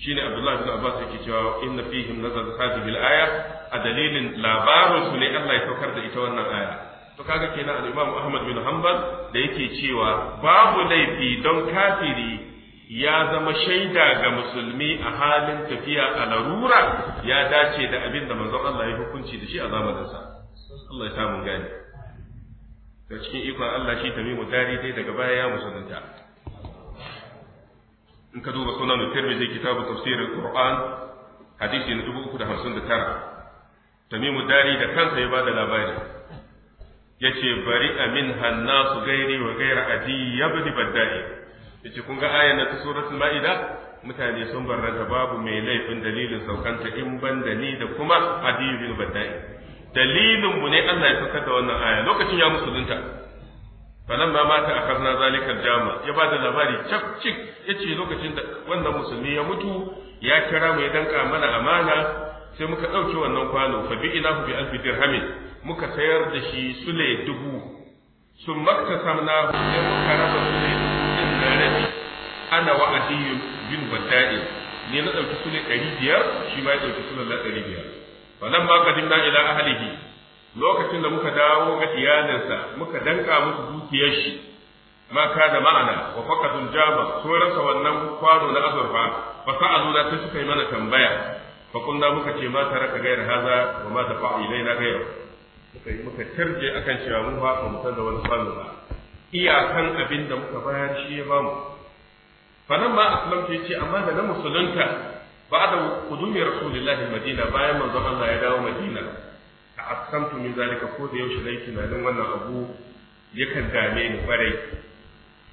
shine Abdullah ibn Abbas yake cewa inna fihim nazar hadhihi aya a dalilin labarin su ne Allah ya saukar da ita wannan aya to kaga kenan al-Imam Ahmad bin Hanbal da yake cewa babu laifi don kafiri ya zama shaida ga musulmi a halin tafiya a larura ya dace da abin da manzon Allah ya hukunci da shi a zamaninsa Allah ya samu gani da cikin ikon Allah shi mimu dari dai daga baya ya musulunta in ka duba sunan tirmidhi kitabu tafsir al-qur'an hadisi na dubu 359 tamimu dari da kansa ya bada labari yace bari amin hannasu gairi wa gaira adi yabni baddai yace kun ga ayan na ta suratul maida mutane sun barranta babu mai laifin dalilin saukanta in ban da ni da kuma adiyu bada'i dalilin mu ne Allah ya saukar da wannan aya lokacin ya musulunta falan ba mata a karna zalikar jama ya ba da labari cak cik lokacin da wannan musulmi ya mutu ya kira mu ya danka mana amana sai muka ɗauki wannan kwano fa bi ina bi alfi dirhamin muka sayar da shi sule dubu sun makta samna ya muka raba sule dubu ana wa adiyun bin badda'in ne na ɗauki sunan ɗari biyar shi ma ya ɗauki sunan na ɗari biyar falan ma dinna ila ahlihi lokacin da muka dawo ga iyalinsa muka danka musu dukiyar shi ma da ma'ana wa faqatun jaba so rasa wannan kwano na azurfa fa sa'alu da ta suka yi mana tambaya fa kunna muka ce ma taraka gairar haza wa ma dafa ilaina gairar muka muka tarje akan cewa mun ba mu san wani kwano ba iyakan abin da muka bayar shi ya bamu fanan ba aslamtu yace amma da na musulunta da qudumi rasulillahi madina bayan manzon Allah ya dawo madina ta aslamtu min zalika ko da yaushe nayi tunanin wannan abu yakan dame ni kwarai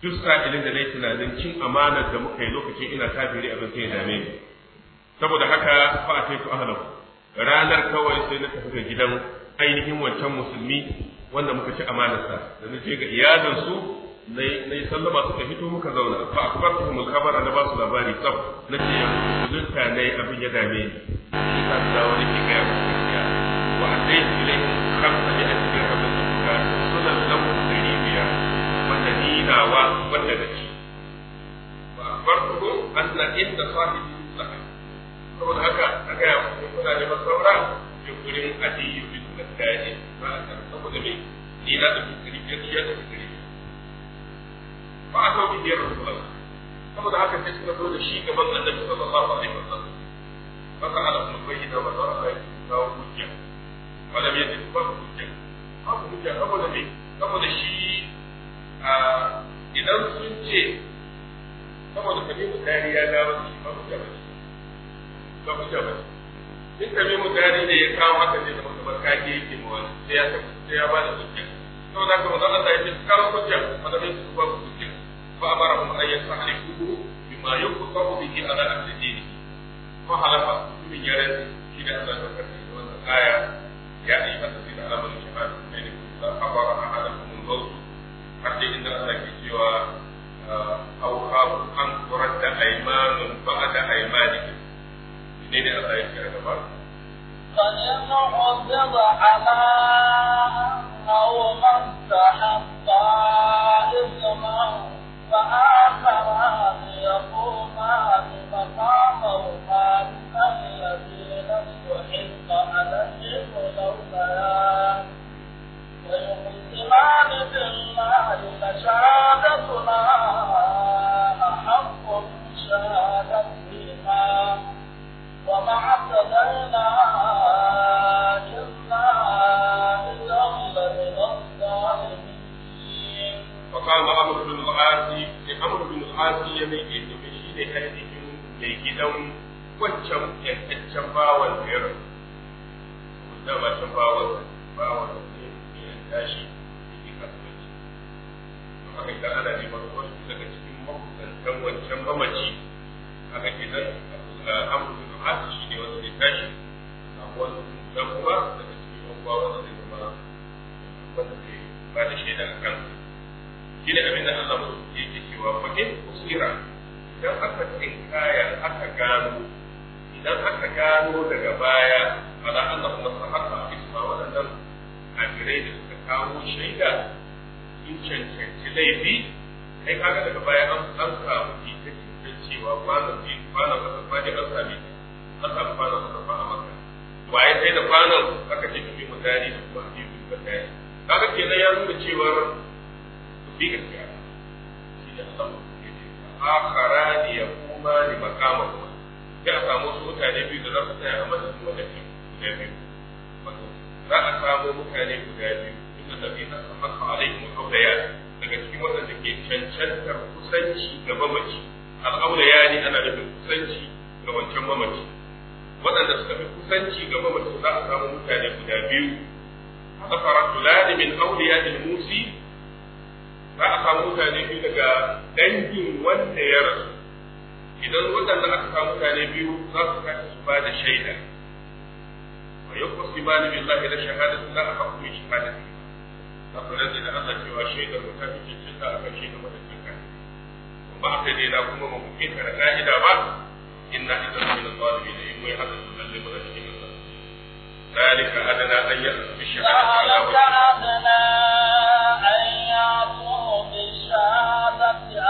duk sa'ilin da nayi tunanin cin amanar da muka yi lokacin ina kafiri abin sai ya dame ni saboda haka fa ataitu ahlahu ranar kawai sai na tafi ga gidan ainihin wancan musulmi wanda muka ci amanarsa da na je ga iyalinsu na yi sallama suka hito muka zauna fa akbartuhum al-khabara na basu labari tsaf na ce zuciya ne abin ya dame ni shi ka da wani ke ga gaskiya wa alayhi ilayhi khamsa bi asbi rabbi suka sunan lahu taribiya wanda ni nawa wanda da shi fa akbartuhum anna inda sahibi sahib saboda haka aka ya kuma ne masaura ke gurin adiyu bin nadaji ba ta saboda me ni na da fikiri ya ce ba a sauki da rasu ba saboda haka sai suka zo da shi gaban annabi sallallahu alaihi wasallam maka ala kuma bai da ba za a yi kawo hujja wala bai da ba hujja babu hujja saboda me saboda shi idan sun ce saboda kabiru ya dawo da shi ba hujja ba ba hujja ba duk kabiru ne ya kawo haka ne da mutum kage yake ma wani sai ya ba da hujja saboda haka manzon Allah ya ce hujja da ba hujja فأمرهم أن يستخلفوه بما يقطع به على أهل دينه فحلف من يرد إلى أن يفكر الآية يا أيها الذين آمنوا شهادة بينكم إذا حضر أحدكم الموت حتى إن الله سوى أو خاف أن ترد أيمان بعد أيمانكم إنني الله يشهد فإن عذب على أو من تحقى إثما فآخران يقومان مقامهما من الذين استحق عليهم الأوليان ويقسمان بالله لشهادتنا أحق من شهادتهما وما اعتدينا kama amur bin al'asi da amur bin ya mai ke domin shi ne ainihin mai gidan wancan yantaccen bawan da ya rasu da wancan bawan bawan da ya tashi da ke kasuwanci amma kai ana neman wasu daga cikin makusantan wancan mamaci aka ke nan amur bin al'asi shi ne wanda ya tashi a wani dan uwa daga wanda da shi ne abin da Allah mu yake cewa fa in usira idan aka tinkaya aka gano idan aka gano daga baya ala Allah kuma a isma wadannan kafirai da suka kawo shaida sun cancanci laifi kai kaga daga baya an an samu ita cikin cewa kwanan bi kwana ba ba da an sami an samu kwanan ba ba a maka waye sai da kwanan aka ce kimi mutane da kuma habibu mutari kaga kenan ya nuna cewa bi'irka shi da Allah ya ce ya yaquma li maqamihi sai a samu su mutane biyu da za su tsaya a madadin wadannan guda biyu wato za a samu mutane guda biyu inda nabiyina sallallahu alaihi wa sallam daga cikin waɗanda ke cancantar kusanci ga mamaci al'aulaya ne ana nufin kusanci ga wancan mamaci waɗanda suka fi kusanci ga mamaci za a samu mutane guda biyu aka rajulani min auliya al-musi za a samu mutane biyu daga dangin wanda ya rasu idan waɗanda aka samu mutane biyu za su tashi su ba da shaida wa ba ni yuqsimani billahi la shahadatu la haqqu min shahadati ta faraji da Allah cewa shaidar mu ta fi cancanta a ƙarshe shaidar mu da ba aka dai na kuma mu ke kara ka'ida ba inna idan min al-zalimin in mai haka lalle ba cikin Allah ذلك أدنى أن يأتي بالشهادة على وجهها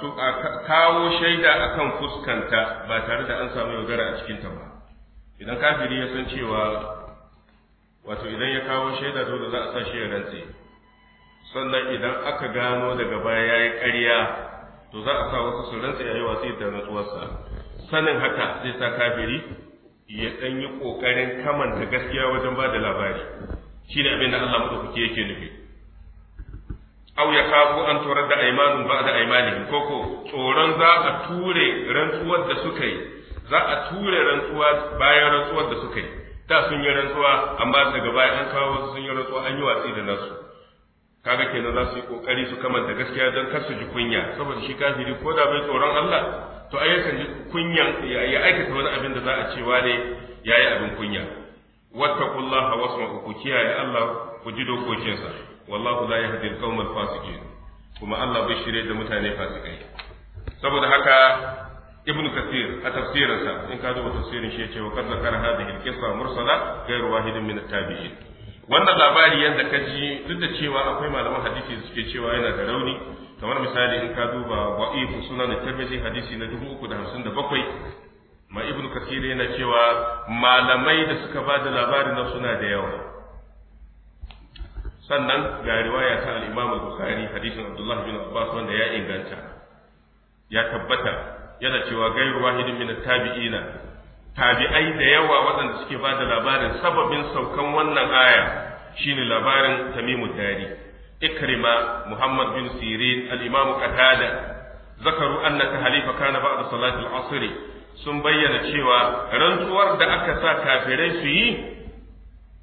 su kawo shaida a akan fuskanta ba tare da an samu yaudara a cikinta ba idan kafiri ya san cewa wato idan ya kawo shaida dole za a sa shi ya rantse sannan idan aka gano daga baya ya yi ƙarya to za a sa wasu su rantse a yi wasu da rantsuwarsa sanin haka zai sa kafiri ya ɗan yi ƙoƙarin kamanta gaskiya wajen ba da labari shi ne abin da Allah kuke yake nufi aw ya kafu an turar da aimanun ba da aimani koko tsoron za a ture rantsuwar da suka yi za a ture rantsuwa bayan rantsuwar da suka yi da sun yi rantsuwa amma daga baya an kawo wasu sun yi rantsuwa an yi watsi da nasu kaga kenan za su yi kokari su da gaskiya don kar su ji kunya saboda shi kafiri ko da bai tsoron Allah to ai yakan ji kunyan ya aikata wani abin da za a cewa ne yayi abin kunya wattaqullaha wasma'u ku kiyaye Allah ku ji dokokinsa wallahu la yahdi al-qawmal fasiqin kuma Allah bai shirye da mutane fasikai saboda haka ibnu kathir a tafsirarsa, in ka duba tafsirin shi yace wa qad zakara hadhihi al-qissa mursala ghayru wahidin min at-tabi'in wannan labari yanda ka ji duk da cewa akwai malaman hadisi da suke cewa yana da rauni kamar misali in ka duba wa'ifu sunan tirmidhi hadisi na 357 ma ibnu kathir yana cewa malamai da suka ba da labarin nan suna da yawa sannan ga riwaya ta al-Imam Bukhari hadisin Abdullah bin Abbas wanda ya inganta ya tabbata yana cewa gairu wahidin min tabi'ina tabi'ai da yawa waɗanda suke ba da labarin sababin saukan wannan aya shine labarin Tamimu Dari Ikrima Muhammad bin Sirin al-Imam Qatada zakaru anna halifa kana ba'da salati al-asr sun bayyana cewa rantsuwar da aka sa kafirai su yi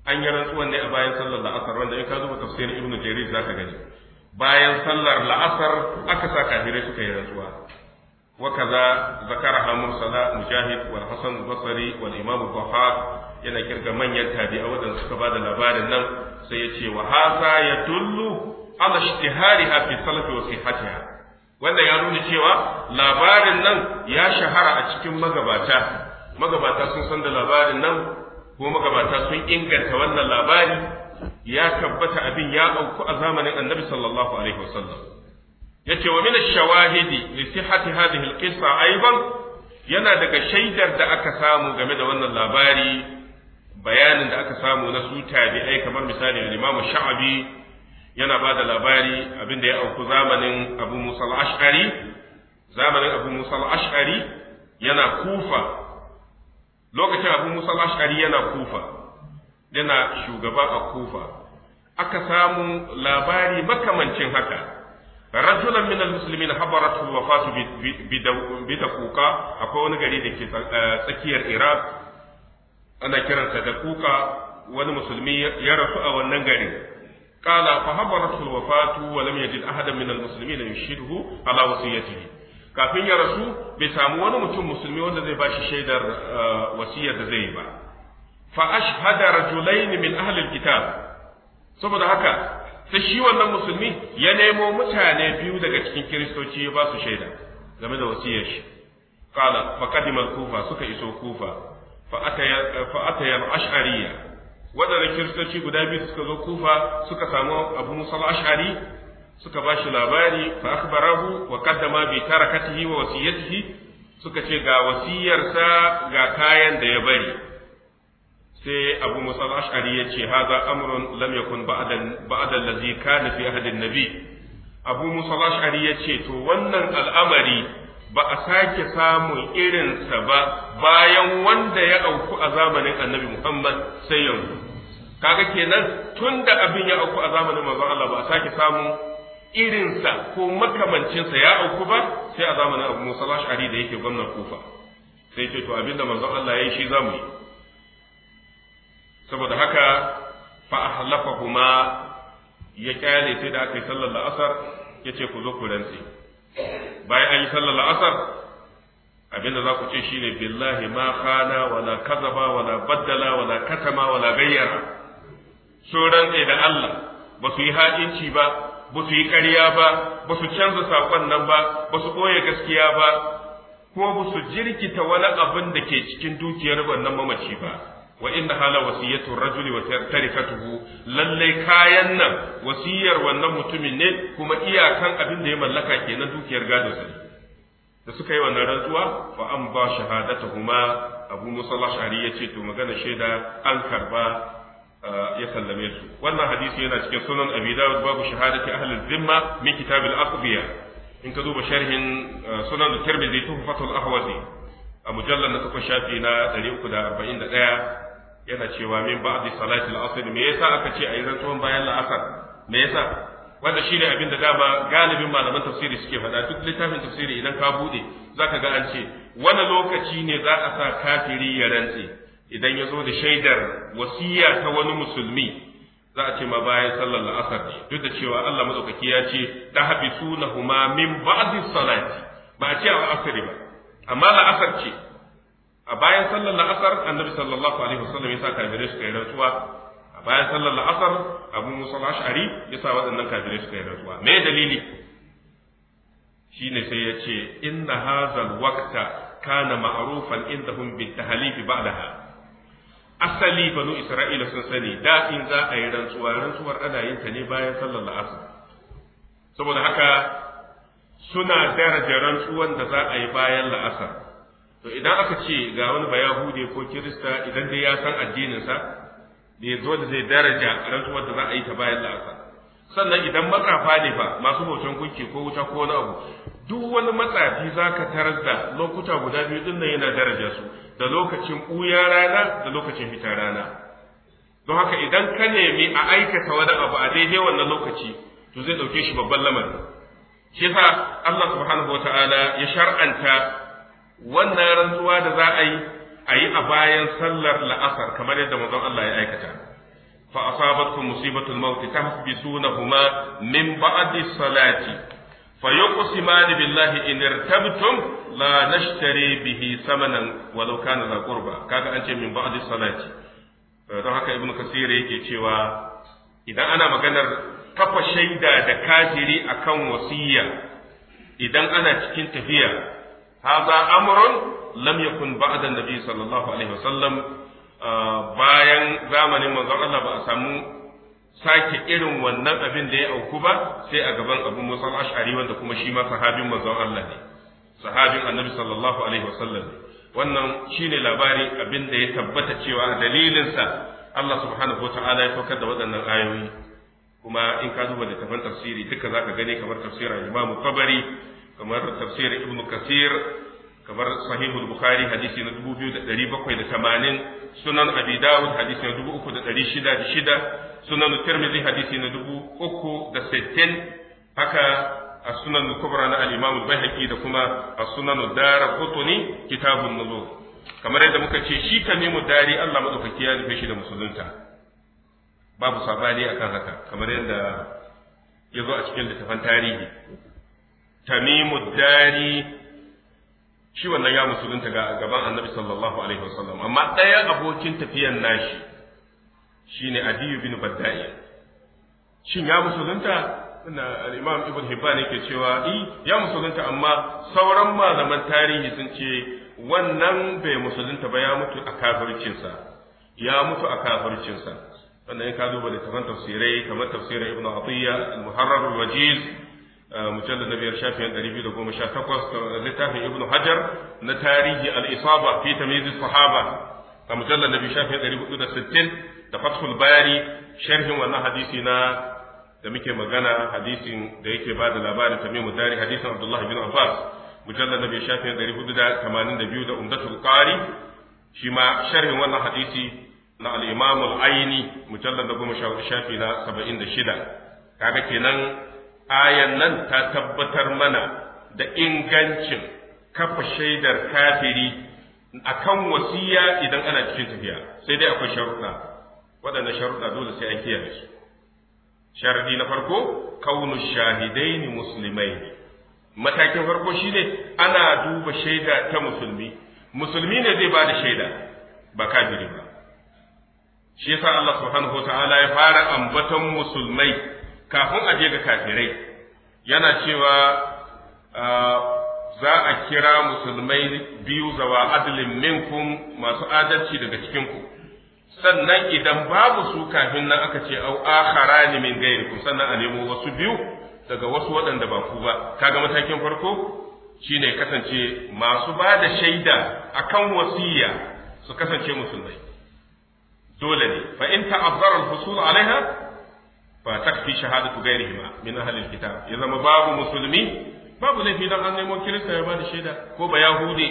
an yi rantsuwan ne a bayan sallar la'asar wanda in ka zuba tafsirin ibnu jarir ka gani bayan sallar la'asar aka sa kafirai suka yi rantsuwa Sala, Mujahid wal hasan basri wal imam الضحاك yana kirga manyan tabi'a wadanda suka ba da labarin nan sai ya ce wa hasa ya dullu ala ishtihariha fi salati wa sihhatiha wanda ya nuna cewa labarin nan ya shahara a cikin magabata magabata sun san da labarin nan kuma magabata sun inganta wannan labari ya tabbata abin ya auku a zamanin annabi sallallahu alaihi wasallam yace wa min ash-shawahidi li sihhati hadhihi al-qissa aidan yana daga shaidar da aka samu game da wannan labari bayanin da aka samu na su tabi'ai kamar misali da Imam Sha'abi yana ba da labari abin da ya auku zamanin Abu Musa al-Ash'ari zamanin Abu Musa al-Ash'ari yana Kufa lokacin abu musa ash'ari yana kufa yana shugaba a kufa aka samu labari makamancin haka rajulan min almuslimin habaratu wafatu bi dakuka akwai wani gari da ke eh, tsakiyar iraq ana kiransa da kuka wani musulmi ya rasu a wannan gari قال فهبرته الوفاة ولم يجد أحدا من المسلمين يشهده على وصيته kafin ya rasu bai samu wani mutum musulmi wanda zai bashi shaidar uh, wasiyar da zai yi ba fa ashhada rajulain min ahli alkitab saboda haka sai shi wannan musulmi ya nemo mutane biyu daga cikin kiristoci ya ba su shaida game da wasiyar shi qala fa qadima kufa suka iso kufa fa ataya fa ataya ashariya kiristoci guda biyu suka zo kufa suka samu abu musal ashari suka ba shi labari fa akhbarahu wa qaddama bi tarakatihi wa wasiyatihi suka ce ga wasiyarsa ga kayan da ya bari sai abu musa ashari ya ce haza amrun lam yakun ba'da ba'da kana fi ahadin nabi abu musa ashari ya ce to wannan al'amari ba a sake samun irinsa ba bayan wanda ya auku a zamanin annabi muhammad sai yanzu kaga kenan tun da abin ya auku a zamanin manzon Allah ba a sake samun irinsa ko makamancinsa ya auku ba sai a zamanin abu musa ash'ari da yake gwamnan kufa sai ce to abinda manzon Allah ya yi shi mu yi saboda haka fa halafa kuma ya kyale sai da aka yi sallar la'asar ya ce ku zo ku rantse bayan an yi sallar la'asar abinda za ku ce shine billahi ma khana wala kazaba wala baddala wala katama wala gayyara sun rantse da Allah ba su yi ha'inci ba ba su yi ƙarya ba ba su canza saƙon nan ba ba su ɓoye gaskiya ba ko ba su jirkita wani abin da ke cikin dukiyar wannan mamaci ba wa inna hala wasiyatu rajuli wa tarikatuhu lalle kayan nan wasiyar wannan mutumin ne kuma iyakan abin da ya mallaka kenan dukiyar gado sai da suka yi wannan rantsuwa fa an ba shahadatuhuma abu musa al ce to magana shaida an karba ya sallame su wannan hadisi yana cikin sunan abi dawud babu shahadati ahli zimma min kitab al aqbiya in ka duba sharhin uh, sunan tirmidhi tuhfatul ahwazi a mujallal na takwas shafi na 341 yana cewa min ba'di salati al asr me yasa aka ce ayi rantsuwan bayan la'asar me yasa wanda shine abin da dama galibin malaman tafsiri suke faɗa duk littafin tafsiri idan ka bude zaka ga an ce wani lokaci ne za a sa kafiri ya rantse idan ya zo da shaidar wasiya ta wani musulmi za a ce ma bayan sallar la'asar ne duk da cewa Allah madaukaki ya ce ta haɓi suna huma min ba'di salati ba a ce a la'asari ba amma la'asar ce a bayan sallar la'asar annabi sallallahu alaihi wasallam ya sa kafirai suka yi rantsuwa a bayan sallar la'asar abu musa ash'ari ya sa waɗannan kafirai suka yi rantsuwa me dalili Shi ne sai ya ce inna hazal waqta kana ma'rufan indahum bit tahlifi ba'daha asali banu isra'ila sun sani da in za a yi rantsuwa rantsuwar ana yin ta ne bayan sallar la'asar saboda haka suna daraja rantsuwan da za a yi bayan la'asar to idan aka ce ga wani bayahude ko kirista idan dai ya san addininsa da ya zo da zai daraja rantsuwar da za a yi ta bayan la'asar sannan idan matsafa ne ba masu hoton gunki ko wuta ko wani abu duk wani matsafi za ka tarar da lokuta guda biyu din nan yana daraja su da lokacin ɓuya rana da lokacin fita rana don haka idan ka nemi a aikata wani abu a daidai wannan lokaci to zai ɗauke shi babban lamari. shi yasa Allah subhanahu wata'ala ya shar'anta wannan rantsuwa da za a yi a yi a bayan sallar la'asar kamar yadda manzon Allah ya aikata fa asabatkum musibatul maut tahbisunahuma min ba'di salati fa yuqsimani billahi in irtabtum la nashtari bihi samanan walau kana la qurba kaga an ce min ba'di salati don haka ibnu kasir yake cewa idan ana maganar kafa shaida da kafiri akan wasiya idan ana cikin tafiya haza أمر لم يكن بعد النبي صلى الله عليه Ah, bayan zamanin manzon Allah ba a samu sake irin wannan abin da ya auku ba sai a gaban Abu Musa al-Ash'ari wanda kuma shi ma sahabin manzon Allah ne sahabin Annabi sallallahu alaihi wasallam wannan shine labari abin da ya tabbata cewa dalilin sa Allah subhanahu wata'ala ya saukar da waɗannan ayoyi kuma in ka duba littafin tafsiri duka zaka gane kamar tafsirin Imam Tabari kamar tafsirin Ibn Kathir kamar sahihul bukhari hadisi na 2780 sunan abi dawud hadisi na 3606 sunan tirmidhi hadisi na 360 haka as-sunan kubra na al-imam al-baihaqi da kuma as-sunan darqutni kitabun nuzul kamar yadda muka ce shi tamimu dari Allah madaukaki ya rufe shi da musulunta babu sabani akan haka kamar yadda ya zo a cikin littafin tarihi tamimu dari shi wannan ya musulunta ga gaban annabi sallallahu alaihi wasallam amma ɗaya abokin tafiyan nashi shine adiyu bin badda'i shin ya musulunta Ina al-imam ibn hibban yake cewa i ya musulunta amma sauran malaman tarihi sun ce wannan bai musulunta ba ya mutu a kafircinsa ya mutu a kafircinsa wannan ka duba littafan tafsirai kamar tafsirin ibn atiyya al-muharrar al-wajiz mujallar na biyar shafin ɗari biyu da goma sha takwas littafin ibnu hajar na tarihi al-isaba fi tamyiz sahaba a mujallar na biyu shafin ɗari hudu da sittin da fathul bayari sharhin wannan hadisi na da muke magana hadisin da yake ba da labarin tamimu dari hadisin abdullahi bin abbas mujallar na biyu shafin ɗari hudu da tamanin da biyu da umdatul sharhin wannan hadisi na al aini mujallar goma sha shafi na saba'in da shida kaga kenan ayan nan ta tabbatar mana da ingancin kafa shaidar kafiri akan wasiya idan ana cikin tafiya sai dai akwai sharuɗa waɗannan sharuɗa dole sai an kiyaye su sharadi na farko kaunu shahidaini musulmai. matakin farko shine ana duba shaida ta musulmi musulmi ne zai ba da shaida ba kafiri ba shi yasa Allah subhanahu wa ta'ala ya fara ambaton musulmai kafin a je ga kafirai yana cewa ah, za a kira musulmai biyu zawa adalin minkum masu adalci daga cikinku sannan idan babu su kafin nan aka ce au ni min gairikum sannan a nemo wasu biyu daga wasu waɗanda ba ku ba kaga matakin farko shine kasance masu ba da shaida akan wasiya su kasance musulmai dole ne fa in ta'azzara al-husul alaiha fa takfi shahadatu ghairihima min ahli alkitab ya zama babu musulmi babu laifi dan an nemo kirista ya bada shaida ko ba yahudi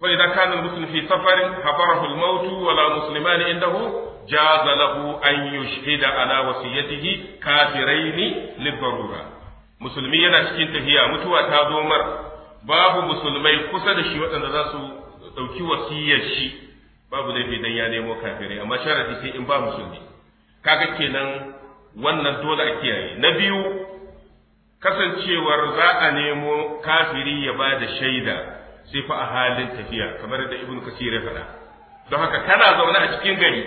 wa idan kana almuslim fi safarin hafarahu almautu wala musliman indahu jaza lahu an yushhida ala wasiyatihi kafiraini lidarura musulmi yana cikin tahiya mutuwa ta zo mar babu musulmai kusa da shi waɗanda za su ɗauki wasiyar shi babu laifi dan ya nemo kafirai amma sharadi sai in ba musulmi kaga kenan wannan dole a kiyaye na biyu kasancewar za a nemo kafiri ya ba da shaida sai fa a halin tafiya kamar da ibnu kasir ya faɗa don haka kana zaune a cikin gari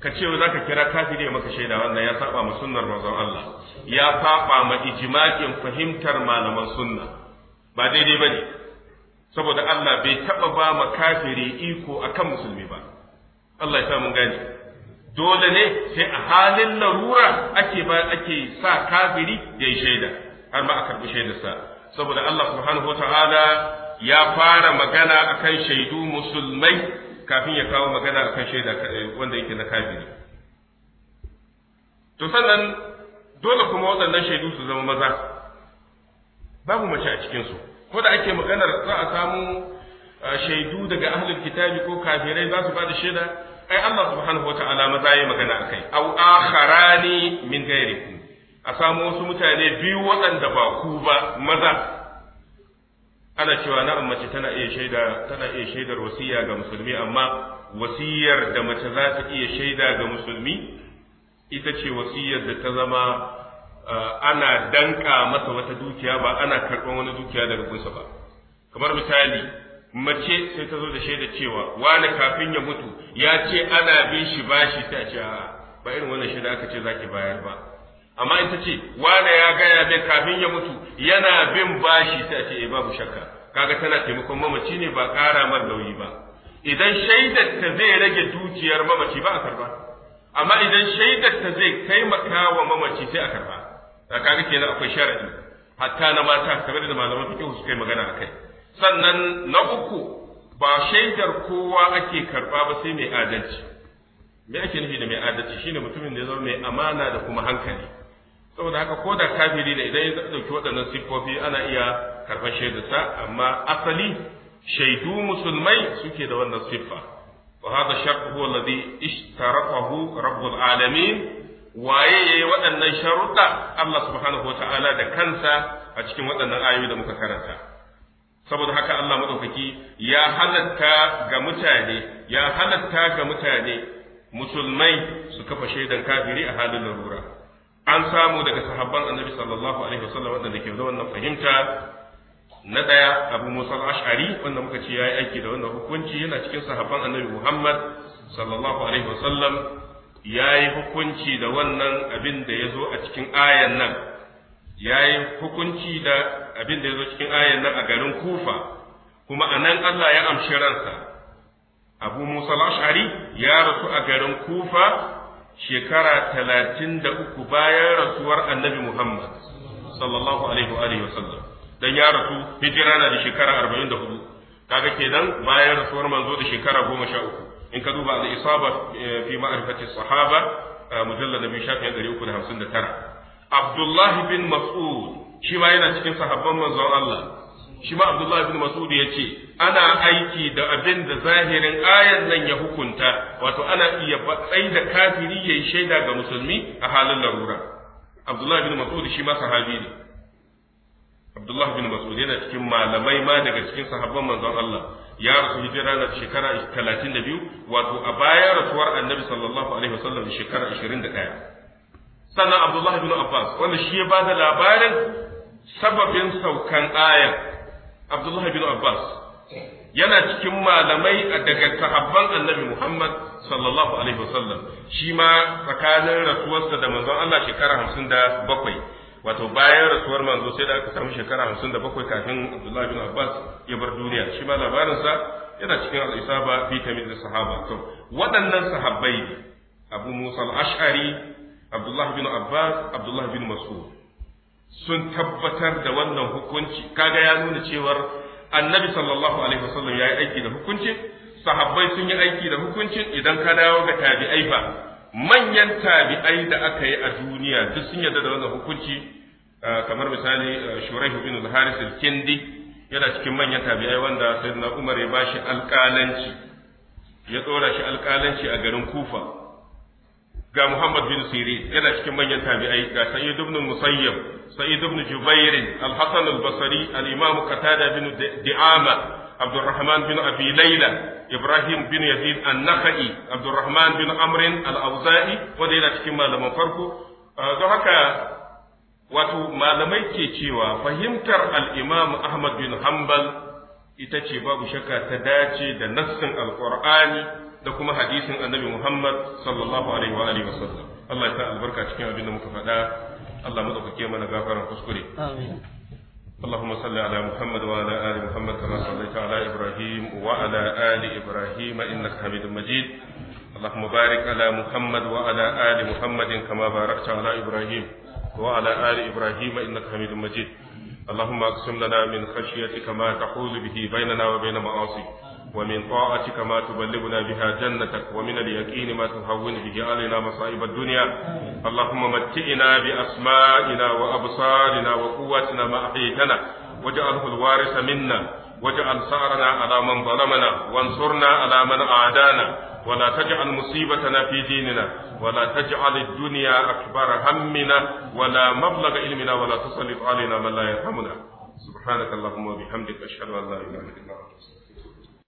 ka ce za ka kira kafiri ya maka shaida wannan ya saba ma sunnar manzon Allah ya saba ma ijma'in fahimtar malaman sunna ba daidai bane saboda Allah bai taba ba ma kafiri iko akan musulmi ba Allah ya sa mun gani dole ne sai a halin larura ake ba ake sa kafiri ya shaida har ma a karɓi shaidarsa saboda Allah subhanahu wataala ya fara magana akan shaidu musulmai kafin ya kawo magana akan shaida wanda yake na kafiri to sannan dole kuma waɗannan shaidu su zama maza babu mace a cikin su ko da ake maganar za a samu ah, shaidu daga ahlul kitabi ko kafirai za su ba da shaida ai Allah subhanahu wata'ala maza yi magana akai au akharani min ghairikum a samu wasu mutane biyu waɗanda ba ku ba maza ana cewa na mace tana iya shaida tana iya shaidar wasiya ga musulmi amma wasiyar da mace za ta iya shaida ga musulmi ita ce wasiyar da ta zama eh, ana danka masa wata dukiya ba ana karɓar wani dukiya daga kunsa ba kamar misali mace sai ta zo da shaida cewa wani kafin ya mutu ya ce ana bin shi bashi ta ce ba irin wannan shaida aka ce zaki bayar ba amma in ta ce wani ya gaya bin kafin ya mutu yana bin bashi ta ce eh, babu shakka kaga tana taimakon mamaci ne ba ƙara mar nauyi ba idan shaidar ta zai rage dukiyar mamaci ba a karba amma idan shaidar ta zai taimaka wa mamaci sai a karba kaga kenan akwai sharadi hatta na mata kamar da malaman fiqh suka yi magana akai sannan na uku ba shaidar kowa ake karɓa ba sai mai adalci me ake nufi da mai adalci shine mutumin da ya zama mai amana da kuma hankali saboda haka ko da kafiri da idan ya ɗauki waɗannan siffofi ana iya karɓar shaidarsa amma asali shaidu musulmai suke da wannan siffa wa hada shart huwa alladhi ishtarafahu rabbul alamin waye yayi waɗannan sharuɗa Allah subhanahu da kansa a cikin waɗannan ayoyin da muka karanta saboda haka Allah madaukaki ya halatta ga mutane ya halatta ga mutane musulmai su kafa shaidan kafiri a halin larura an samu daga sahabban annabi sallallahu alaihi wasallam wanda ke da wannan fahimta na daya abu musa ashari wanda muka ce yayi aiki da wannan hukunci yana cikin sahabban annabi muhammad sallallahu alaihi wasallam yayi hukunci da wannan abin da yazo a cikin ayan nan yayi hukunci da abin da ya zo cikin ayan nan a garin kufa kuma a nan Allah ya amshi ransa abu musa al-ash'ari ya rasu a garin kufa shekara talatin da uku bayan rasuwar annabi muhammad sallallahu alaihi wa alihi wasallam dan ya rasu hijira na da shekara arba'in da hudu kaga kenan bayan rasuwar manzo da shekara goma sha uku in ka duba al-isaba eh, fi ma'rifati sahaba eh, mujallad nabi shafi 359 Abdullahi bin mas'ud shi ma yana cikin sahabban manzon Allah shi ma Abdullah ibn Mas'ud ya ce ana aiki da abin da zahirin ayan nan ya hukunta wato ana iya batsai da kafiri yayi shaida ga musulmi a halin larura Abdullah ibn Mas'ud shi ma sahabi ne Abdullah ibn Mas'ud yana cikin malamai ma daga cikin sahabban manzon Allah ya rasu hijira na shekara 32 wato a bayan rasuwar Annabi sallallahu alaihi wasallam shekara 21 sannan Abdullah ibn Abbas wanda shi ya bada labarin sababin saukan ayan Abdullah bin Abbas yana cikin malamai daga sahabban annabi Muhammad sallallahu alaihi wasallam shi ma tsakanin rasuwarsa da manzon Allah shekara hamsin da bakwai wato bayan rasuwar manzo sai da aka samu shekara hamsin da bakwai kafin Abdullah bin Abbas ya bar duniya shi ma labarinsa yana cikin al'isaba fi tamizin sahaba to waɗannan sahabbai Abu Musa al-Ash'ari Abdullah bin Abbas Abdullah bin Mas'ud sun tabbatar da wannan hukunci kaga ya nuna cewar annabi sallallahu alaihi wasallam ya yi aiki da hukunci, sahabbai sun yi aiki da hukunci idan ka dawo ga tabi'ai ba manyan tabi'ai da aka yi a duniya duk sun yarda da wannan hukunci ah, kamar misali ah, shuraihu bin al-haris al-kindi yana cikin manyan tabi'ai wanda sayyidina umar ya bashi alƙalanci ya tsora shi alƙalanci a garin kufa ga Muhammad bin Sirin yana cikin manyan tabi'ai ga Sa'id ibn Musayyib Sa'id ibn Jubair Al-Hasan Al-Basri Al-Imam Qatada bin Di'ama Abdurrahman bin Abi Ibrahim bin Yazid An-Nakhai Abdurrahman bin Amr Al-Auza'i wanda yana cikin malaman farko ah, don haka wato malamai ke cewa fahimtar Al'imam Ahmad bin Hanbal ita ce babu shaka ta dace da nassin Al-Qur'ani da kuma hadisin annabi Muhammad sallallahu alaihi wa alihi wasallam Allah ya sa albarka cikin abin da muka faɗa Allah mu dauke mana gafara kuskure amin Allahumma salli ala Muhammad wa ala ali Muhammad kama sallaita ala Ibrahim wa ala ali Ibrahim innaka Hamidum Majid اللهم بارك على محمد وعلى آل محمد كما باركت على إبراهيم وعلى آل إبراهيم إنك حميد مجيد اللهم أقسم لنا من خشيتك ما تحول به بيننا وبين معاصيك ومن طاعتك ما تبلغنا بها جنتك ومن اليقين ما تهون به علينا مصائب الدنيا اللهم متئنا بأسمائنا وأبصارنا وقوتنا ما أحييتنا واجعله الوارث منا واجعل ثأرنا على من ظلمنا وانصرنا على من أعدانا ولا تجعل مصيبتنا في ديننا ولا تجعل الدنيا أكبر همنا ولا مبلغ علمنا ولا تسلط علينا من لا يرحمنا سبحانك اللهم وبحمدك أشهد أن لا إله إلا أنت